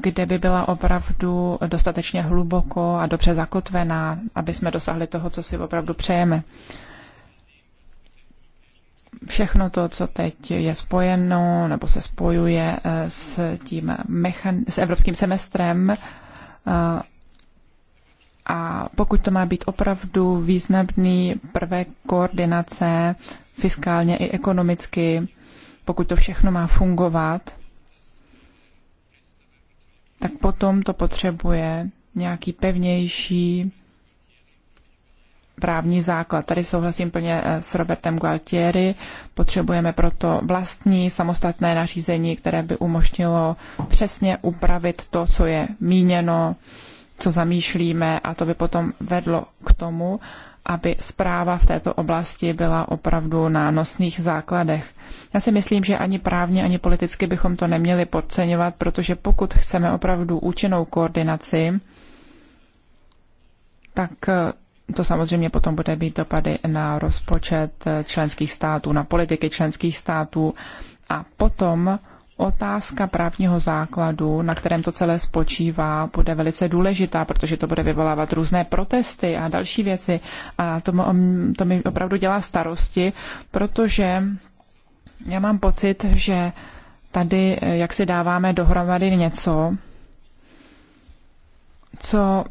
kde by byla opravdu dostatečně hluboko a dobře zakotvená, aby jsme dosáhli toho, co si opravdu přejeme všechno to, co teď je spojeno nebo se spojuje eh, s tím mechan- s evropským semestrem. Eh, a pokud to má být opravdu významný prvek koordinace fiskálně i ekonomicky, pokud to všechno má fungovat, tak potom to potřebuje nějaký pevnější právní základ. Tady souhlasím plně eh, s Robertem Gualtieri. Potřebujeme proto vlastní samostatné nařízení, které by umožnilo přesně upravit to, co je míněno, co zamýšlíme a to by potom vedlo k tomu, aby zpráva v této oblasti byla opravdu na nosných základech. Já si myslím, že ani právně, ani politicky bychom to neměli podceňovat, protože pokud chceme opravdu účinnou koordinaci, tak eh, to samozřejmě potom bude být dopady na rozpočet členských států, na politiky členských států a potom otázka právního základu, na kterém to celé spočívá, bude velice důležitá, protože to bude vyvolávat různé protesty a další věci. A to, to mi opravdu dělá starosti, protože já mám pocit, že tady, eh, jak si dáváme dohromady něco, co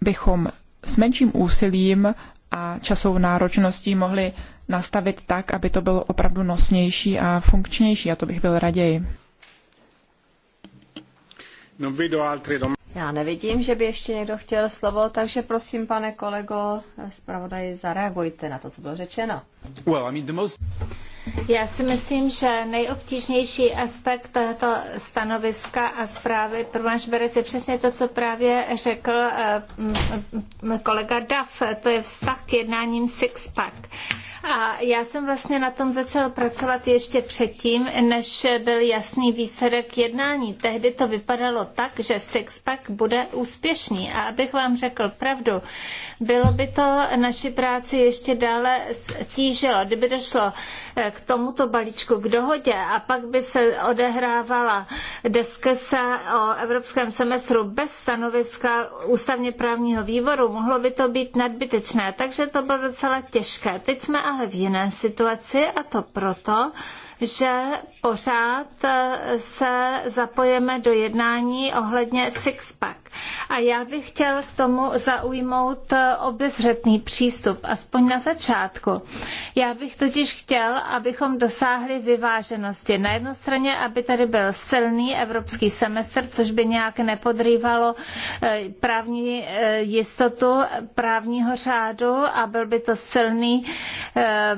bychom s menším úsilím a časovou náročností mohli nastavit tak, aby to bylo opravdu nosnější a funkčnější. A to bych byl raději. Já nevidím, že by ještě někdo chtěl slovo, takže prosím, pane kolego, zpravodaji, zareagujte na to, co bylo řečeno. Well, I mean the most... Já si myslím, že nejobtížnější aspekt tohoto stanoviska a zprávy pro náš Berec je přesně to, co právě řekl eh, kolega Duff, to je vztah k jednáním Sixpack. A já jsem vlastně na tom začal pracovat ještě předtím, než byl jasný výsledek jednání. Tehdy to vypadalo tak, že Sixpack tak bude úspěšný. A abych vám řekl pravdu, bylo by to naši práci ještě dále stížilo, kdyby došlo eh, k tomuto balíčku, k dohodě a pak by se odehrávala deskesa o evropském semestru bez stanoviska ústavně právního výboru, mohlo by to být nadbytečné, takže to bylo docela těžké. Teď jsme ale v jiné situaci a to proto, že pořád se zapojeme do jednání ohledně Sixpack. A já bych chtěl k tomu zaujmout obezřetný přístup, aspoň na začátku. Já bych totiž chtěl, abychom dosáhli vyváženosti. Na jednu straně, aby tady byl silný evropský semestr, což by nějak nepodrývalo eh, právní eh, jistotu právního řádu a byl by to silný eh,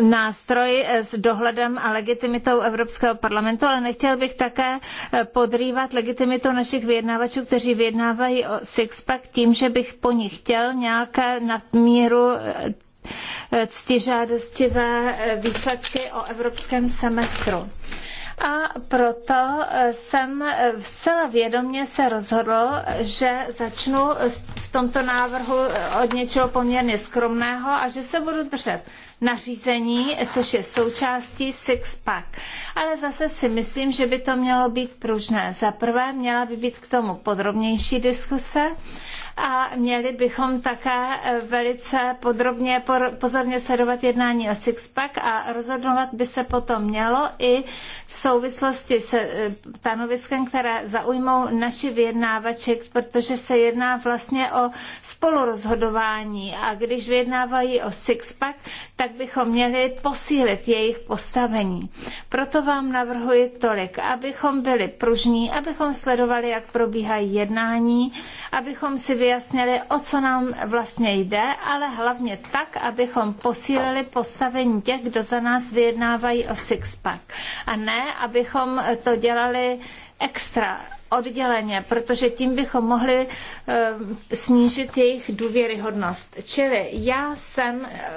nástroj s dohledem a legitimitou Evropského parlamentu, ale nechtěl bych také eh, podrývat legitimitu našich vyjednávačů, kteří vyjednávají o Sixpack tím, že bych po nich chtěl nějaké nadmíru eh, ctižádostivé eh, výsledky o evropském semestru a proto eh, jsem eh, zcela vědomě se rozhodl, že začnu v tomto návrhu eh, od něčeho poměrně skromného a že se budu držet nařízení, což je součástí six-pack. Ale zase si myslím, že by to mělo být pružné. Za prvé měla by být k tomu podrobnější diskuse a měli bychom také velice podrobně pozorně sledovat jednání o Sixpack a rozhodovat by se potom mělo i v souvislosti se e, stanoviskem, které zaujmou naši vyjednávači, protože se jedná vlastně o spolurozhodování a když vyjednávají o Sixpack, tak bychom měli posílit jejich postavení. Proto vám navrhuji tolik, abychom byli pružní, abychom sledovali, jak probíhají jednání, abychom si vyjasnili, o co nám vlastně jde, ale hlavně tak, abychom posílili postavení těch, kdo za nás vyjednávají o sixpack. A ne, abychom to dělali extra odděleně, protože tím bychom mohli eh, snížit jejich důvěryhodnost. Čili já jsem eh,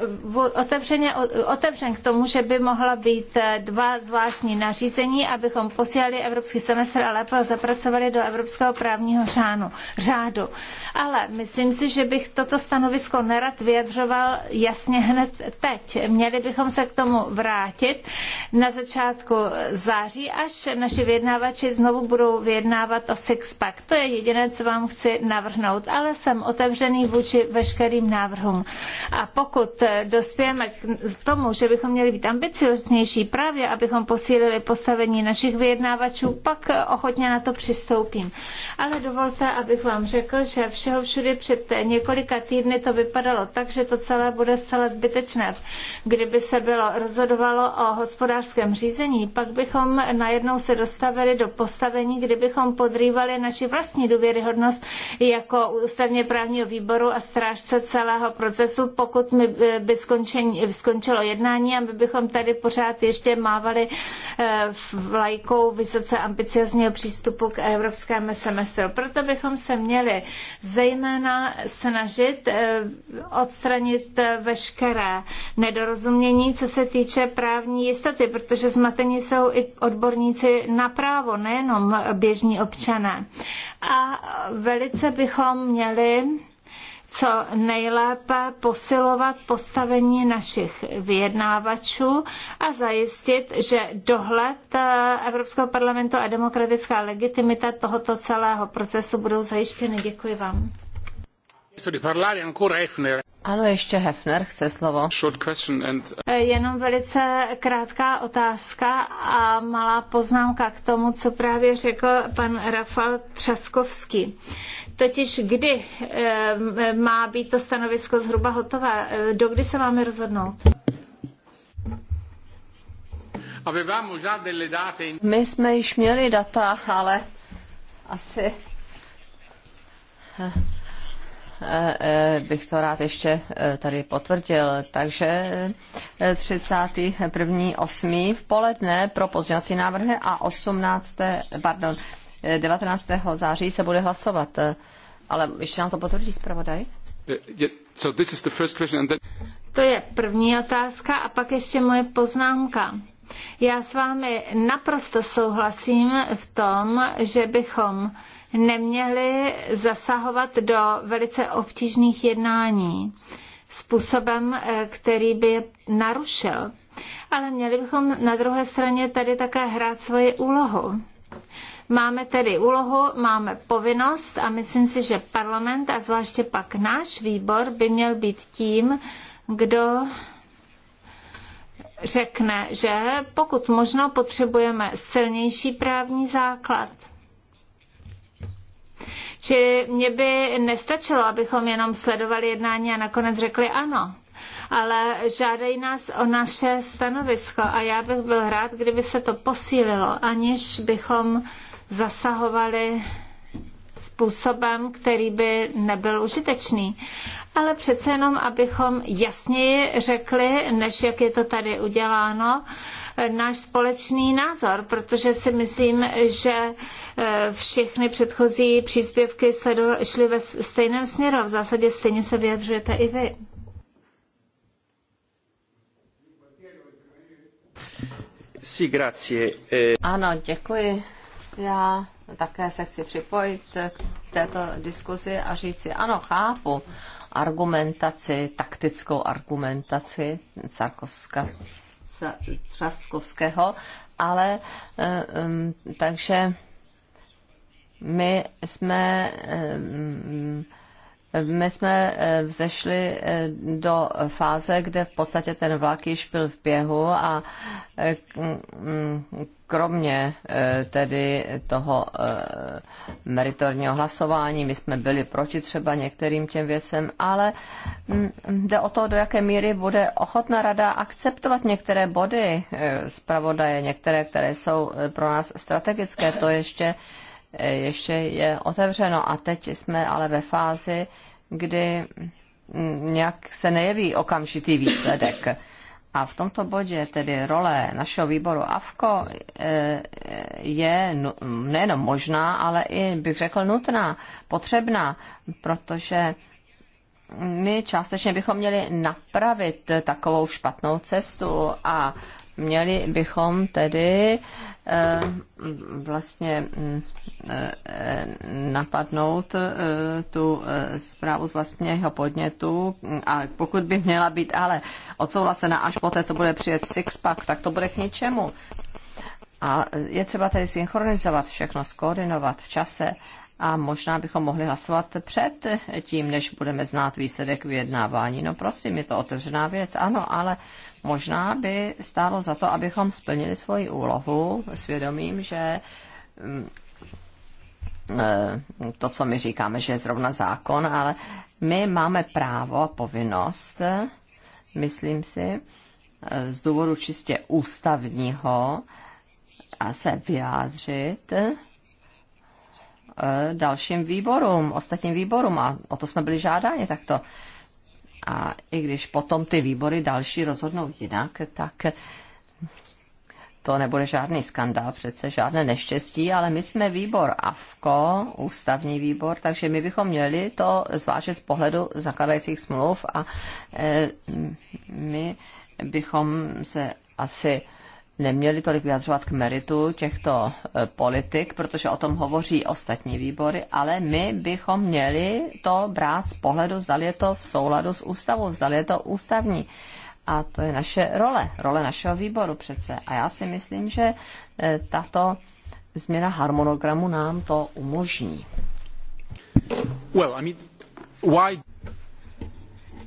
otevřeně, otevřen k tomu, že by mohla být eh, dva zvláštní nařízení, abychom posílali evropský semestr a lépe ho zapracovali do evropského právního řánu, řádu. Ale myslím si, že bych toto stanovisko nerad vyjadřoval jasně hned teď. Měli bychom se k tomu vrátit na začátku září, až naši vyjednávači znovu budou vyjednávat vyjednávat o sixpack. To je jediné, co vám chci navrhnout, ale jsem otevřený vůči veškerým návrhům. A pokud eh, dospějeme k tomu, že bychom měli být ambicioznější, právě abychom posílili postavení našich vyjednávačů, pak eh, ochotně na to přistoupím. Ale dovolte, abych vám řekl, že všeho všudy před eh, několika týdny to vypadalo tak, že to celé bude zcela zbytečné. Kdyby se bylo rozhodovalo o hospodářském řízení, pak bychom najednou se dostavili do postavení, kdybychom podrývali naši vlastní důvěryhodnost jako ústavně právního výboru a strážce celého procesu, pokud eh, by skončení, skončilo jednání a my bychom tady pořád ještě mávali eh, vlajkou vysoce ambiciozního přístupu k evropskému semestru. Proto bychom se měli zejména snažit eh, odstranit veškeré nedorozumění, co se týče právní jistoty, protože zmatení jsou i odborníci na právo, nejenom běžní občané. A velice bychom měli co nejlépe posilovat postavení našich vyjednávačů a zajistit, že dohled eh, Evropského parlamentu a demokratická legitimita tohoto celého procesu budou zajištěny. Děkuji vám. Ano, ještě Hefner chce slovo. Eh, jenom velice krátká otázka a malá poznámka k tomu, co právě řekl pan Rafal Třaskovský. Totiž kdy eh, má být to stanovisko zhruba hotové? Eh, Do kdy se máme rozhodnout? My jsme již měli data, ale asi E, e, bych to rád ještě e, tady potvrdil. Takže 31.8. v poledne pro pozdělací návrhy a 18. pardon, 19. září se bude hlasovat. Ale ještě nám to potvrdí zpravodaj? So this is the first question and then... To je první otázka a pak ještě moje poznámka. Já s vámi naprosto souhlasím v tom, že bychom neměli zasahovat do velice obtížných jednání způsobem, eh, který by je narušil. Ale měli bychom na druhé straně tady také hrát svoji úlohu. Máme tedy úlohu, máme povinnost a myslím si, že parlament a zvláště pak náš výbor by měl být tím, kdo řekne, že pokud možno potřebujeme silnější právní základ Čili mě by nestačilo, abychom jenom sledovali jednání a nakonec řekli ano ale žádají nás o naše stanovisko a já bych byl rád, kdyby se to posílilo, aniž bychom zasahovali způsobem, který by nebyl užitečný. Ale přece jenom, abychom jasněji řekli, než jak je to tady uděláno, náš společný názor, protože si myslím, že eh, všechny předchozí příspěvky šly ve stejném směru v zásadě stejně se vyjadřujete i vy. Eh, ano, děkuji. Já také se chci připojit k této diskuzi a říci, ano, chápu argumentaci, taktickou argumentaci Sarkovska, Třaskovského, ale eh, takže my jsme my jsme eh, vzešli eh, do fáze, kde v podstatě ten vlak již byl v běhu a mm, kromě eh, tedy toho eh, meritorního hlasování, my jsme byli proti třeba některým těm věcem, ale mm, jde o to, do jaké míry bude ochotna rada akceptovat některé body eh, zpravodaje, některé, které jsou pro nás strategické, to ještě, ještě je otevřeno. A teď jsme ale ve fázi, kdy mm, nějak se nejeví okamžitý výsledek a v tomto bodě tedy role našeho výboru AFKO e, je nejenom možná, ale i bych řekl nutná, potřebná, protože my částečně bychom měli napravit takovou špatnou cestu a Měli bychom tedy eh, vlastně mm, eh, napadnout eh, tu zprávu z vlastního podnětu a pokud by měla být ale odsouhlasena až poté, co bude přijet Sixpack, tak to bude k ničemu. A je třeba tedy synchronizovat všechno, skoordinovat v čase a možná bychom mohli hlasovat před tím, než budeme znát výsledek vyjednávání. No prosím, je to otevřená věc, ano, ale Možná by stálo za to, abychom splnili svoji úlohu svědomím, že mm, eh, to, co my říkáme, že je zrovna zákon, ale my máme právo a povinnost, myslím si, eh, z důvodu čistě ústavního a se vyjádřit eh, dalším výborům, ostatním výborům a o to jsme byli žádáni takto. A i když potom ty výbory další rozhodnou jinak, tak to nebude žádný skandál, přece žádné neštěstí, ale my jsme výbor AFKO, ústavní výbor, takže my bychom měli to zvážit z pohledu zakladajících smluv a e, my bychom se asi neměli tolik vyjadřovat k meritu těchto e, politik, protože o tom hovoří ostatní výbory, ale my bychom měli to brát z pohledu, zda je to v souladu s ústavou, zda je to ústavní. A to je naše role, role našeho výboru přece. A já si myslím, že e, tato změna harmonogramu nám to umožní. Well, I mean, why...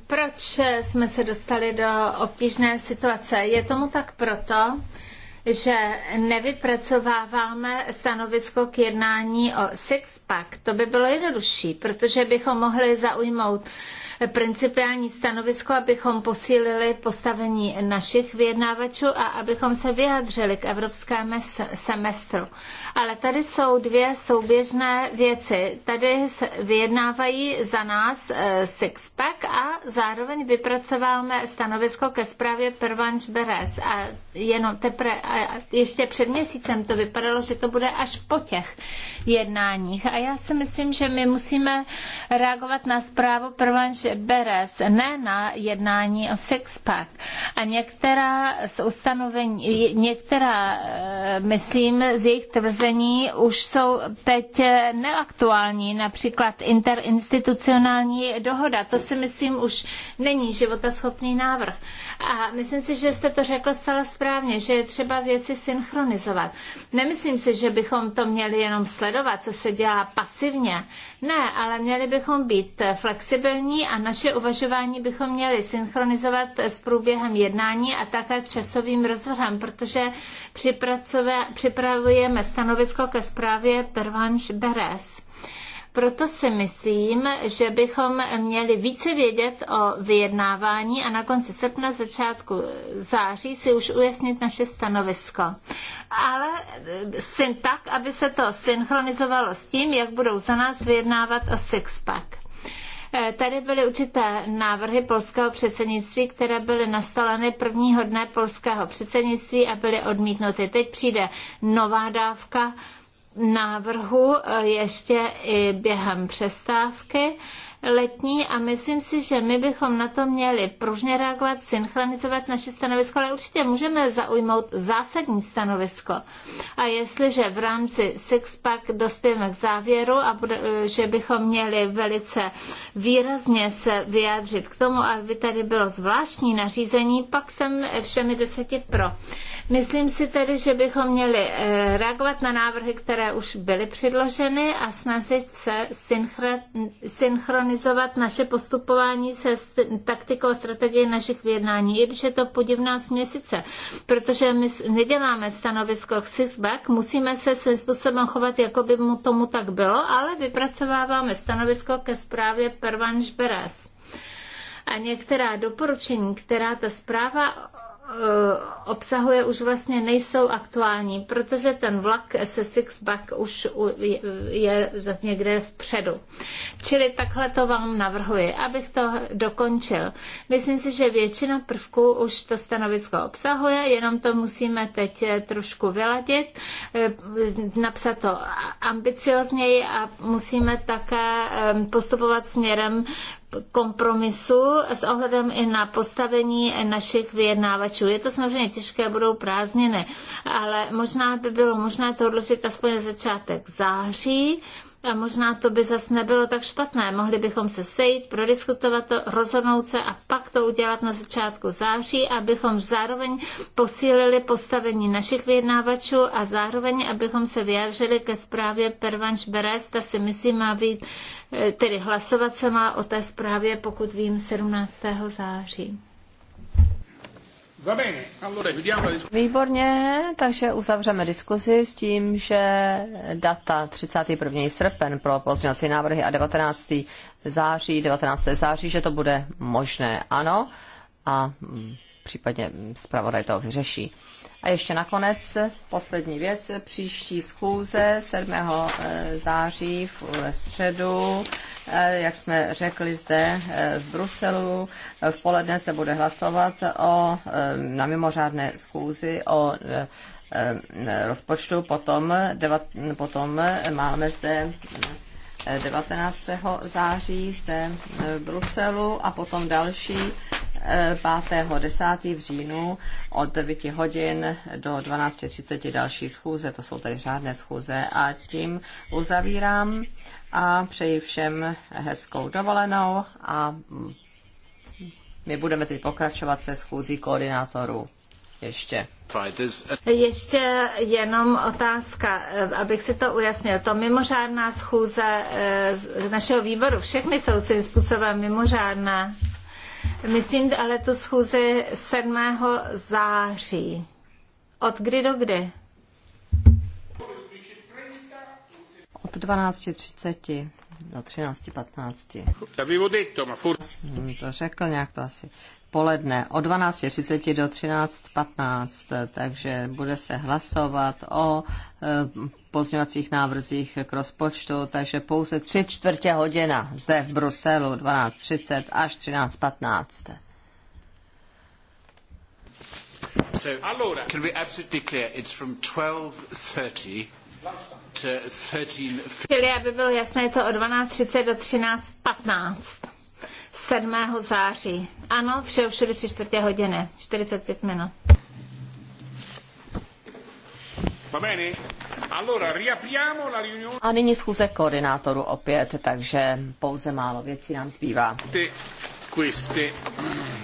Proč jsme se dostali do obtížné situace? Je tomu tak proto, že nevypracováváme stanovisko k jednání o six-pack. To by bylo jednodušší, protože bychom mohli zaujmout principiální stanovisko, abychom posílili postavení našich vyjednávačů a abychom se vyjádřili k evropskému semestru. Ale tady jsou dvě souběžné věci. Tady vyjednávají za nás eh, Sixpack a zároveň vypracováváme stanovisko ke zprávě Pervanš Beres. A jenom teprve, a ještě před měsícem to vypadalo, že to bude až po těch jednáních. A já si myslím, že my musíme reagovat na zprávu Pervanš Beres, ne na jednání o Sixpack. A některá z ustanovení, některá, eh, myslím, z jejich tvrzení už jsou teď eh, neaktuální, například interinstitucionální dohoda. To si myslím už není životaschopný návrh. A myslím si, že jste to řekl zcela správně, že je třeba věci synchronizovat. Nemyslím si, že bychom to měli jenom sledovat, co se dělá pasivně, ne, ale měli bychom být flexibilní a naše uvažování bychom měli synchronizovat s průběhem jednání a také s časovým rozvrhem, protože připravujeme stanovisko ke zprávě Pervanš Beres. Proto si myslím, že bychom měli více vědět o vyjednávání a na konci srpna, začátku září si už ujasnit naše stanovisko. Ale e, syn tak, aby se to synchronizovalo s tím, jak budou za nás vyjednávat o Sixpack. E, tady byly určité návrhy polského předsednictví, které byly nastaleny prvního dne polského předsednictví a byly odmítnuty. Teď přijde nová dávka návrhu eh, ještě i během přestávky letní a myslím si, že my bychom na to měli pružně reagovat, synchronizovat naše stanovisko, ale určitě můžeme zaujmout zásadní stanovisko. A jestliže v rámci Sixpack dospějeme k závěru, a bude, eh, že bychom měli velice výrazně se vyjádřit k tomu, aby tady bylo zvláštní nařízení, pak jsem všemi deseti pro. Myslím si tedy, že bychom měli eh, reagovat na návrhy, které už byly předloženy a snažit se synchronizovat naše postupování se taktikou a strategií našich vyjednání, i když je to podivná směsice, protože my neděláme stanovisko k SISBAC, musíme se svým způsobem chovat, jako by mu tomu tak bylo, ale vypracováváme stanovisko ke zprávě Pervanš Beres a některá doporučení, která ta zpráva Eh, obsahuje, už vlastně nejsou aktuální, protože ten vlak se Sixpack už je někde vpředu. Čili takhle to vám navrhuji, abych to dokončil. Myslím si, že většina prvků už to stanovisko obsahuje, jenom to musíme teď eh, trošku vyladit, eh, napsat to ambiciozněji a musíme také postupovat směrem kompromisu s ohledem i na postavení našich vyjednávačů. Je to samozřejmě těžké, budou prázdniny, ale možná by bylo možné to odložit aspoň na začátek září, a možná to by zas nebylo tak špatné. Mohli bychom se sejít, prodiskutovat to, rozhodnout se a pak to udělat na začátku září, abychom zároveň posílili postavení našich vyjednávačů a zároveň, abychom se vyjádřili ke zprávě Pervanš Beres, ta si myslím má být, eh, tedy hlasovat se má o té zprávě, pokud vím, 17. září. Výborně, takže uzavřeme diskuzi s tím, že data 31. srpen pro pozměňovací návrhy a 19. září, 19. září, že to bude možné, ano. A mm případně mm, zpravodaj to vyřeší. A ještě nakonec poslední věc. Příští schůze 7. Eh, září ve středu, eh, jak jsme řekli zde eh, v Bruselu, v poledne se bude hlasovat o, na mimořádné schůzi o rozpočtu. Potom, potom máme zde 19. září zde v Bruselu a potom další 5.10. v říjnu od 9 hodin do 12.30 další schůze, to jsou tedy řádné schůze a tím uzavírám a přeji všem hezkou dovolenou a my budeme teď pokračovat se schůzí koordinátorů. Ještě. Ještě jenom otázka, abych si to ujasnil. To mimořádná schůze eh, našeho výboru, všechny jsou svým způsobem mimořádná. Myslím, ale tu schůzi 7. září. Od kdy do kdy? Od 12.30 do 13.15. To řekl nějak to asi poledne od 12.30 do 13.15, takže bude se hlasovat o eh, pozměňovacích návrzích k rozpočtu, takže pouze tři čtvrtě hodina zde v Bruselu 12.30 až 13.15. So, allora. can we absolutely clear, it's from 12.30 to 13.15. Čili, aby bylo jasné, to od 12.30 do 13.15. 7. září. Ano, všeho všude tři čtvrtě hodiny, 45 minut. A nyní schůze koordinátoru opět, takže pouze málo věcí nám zbývá.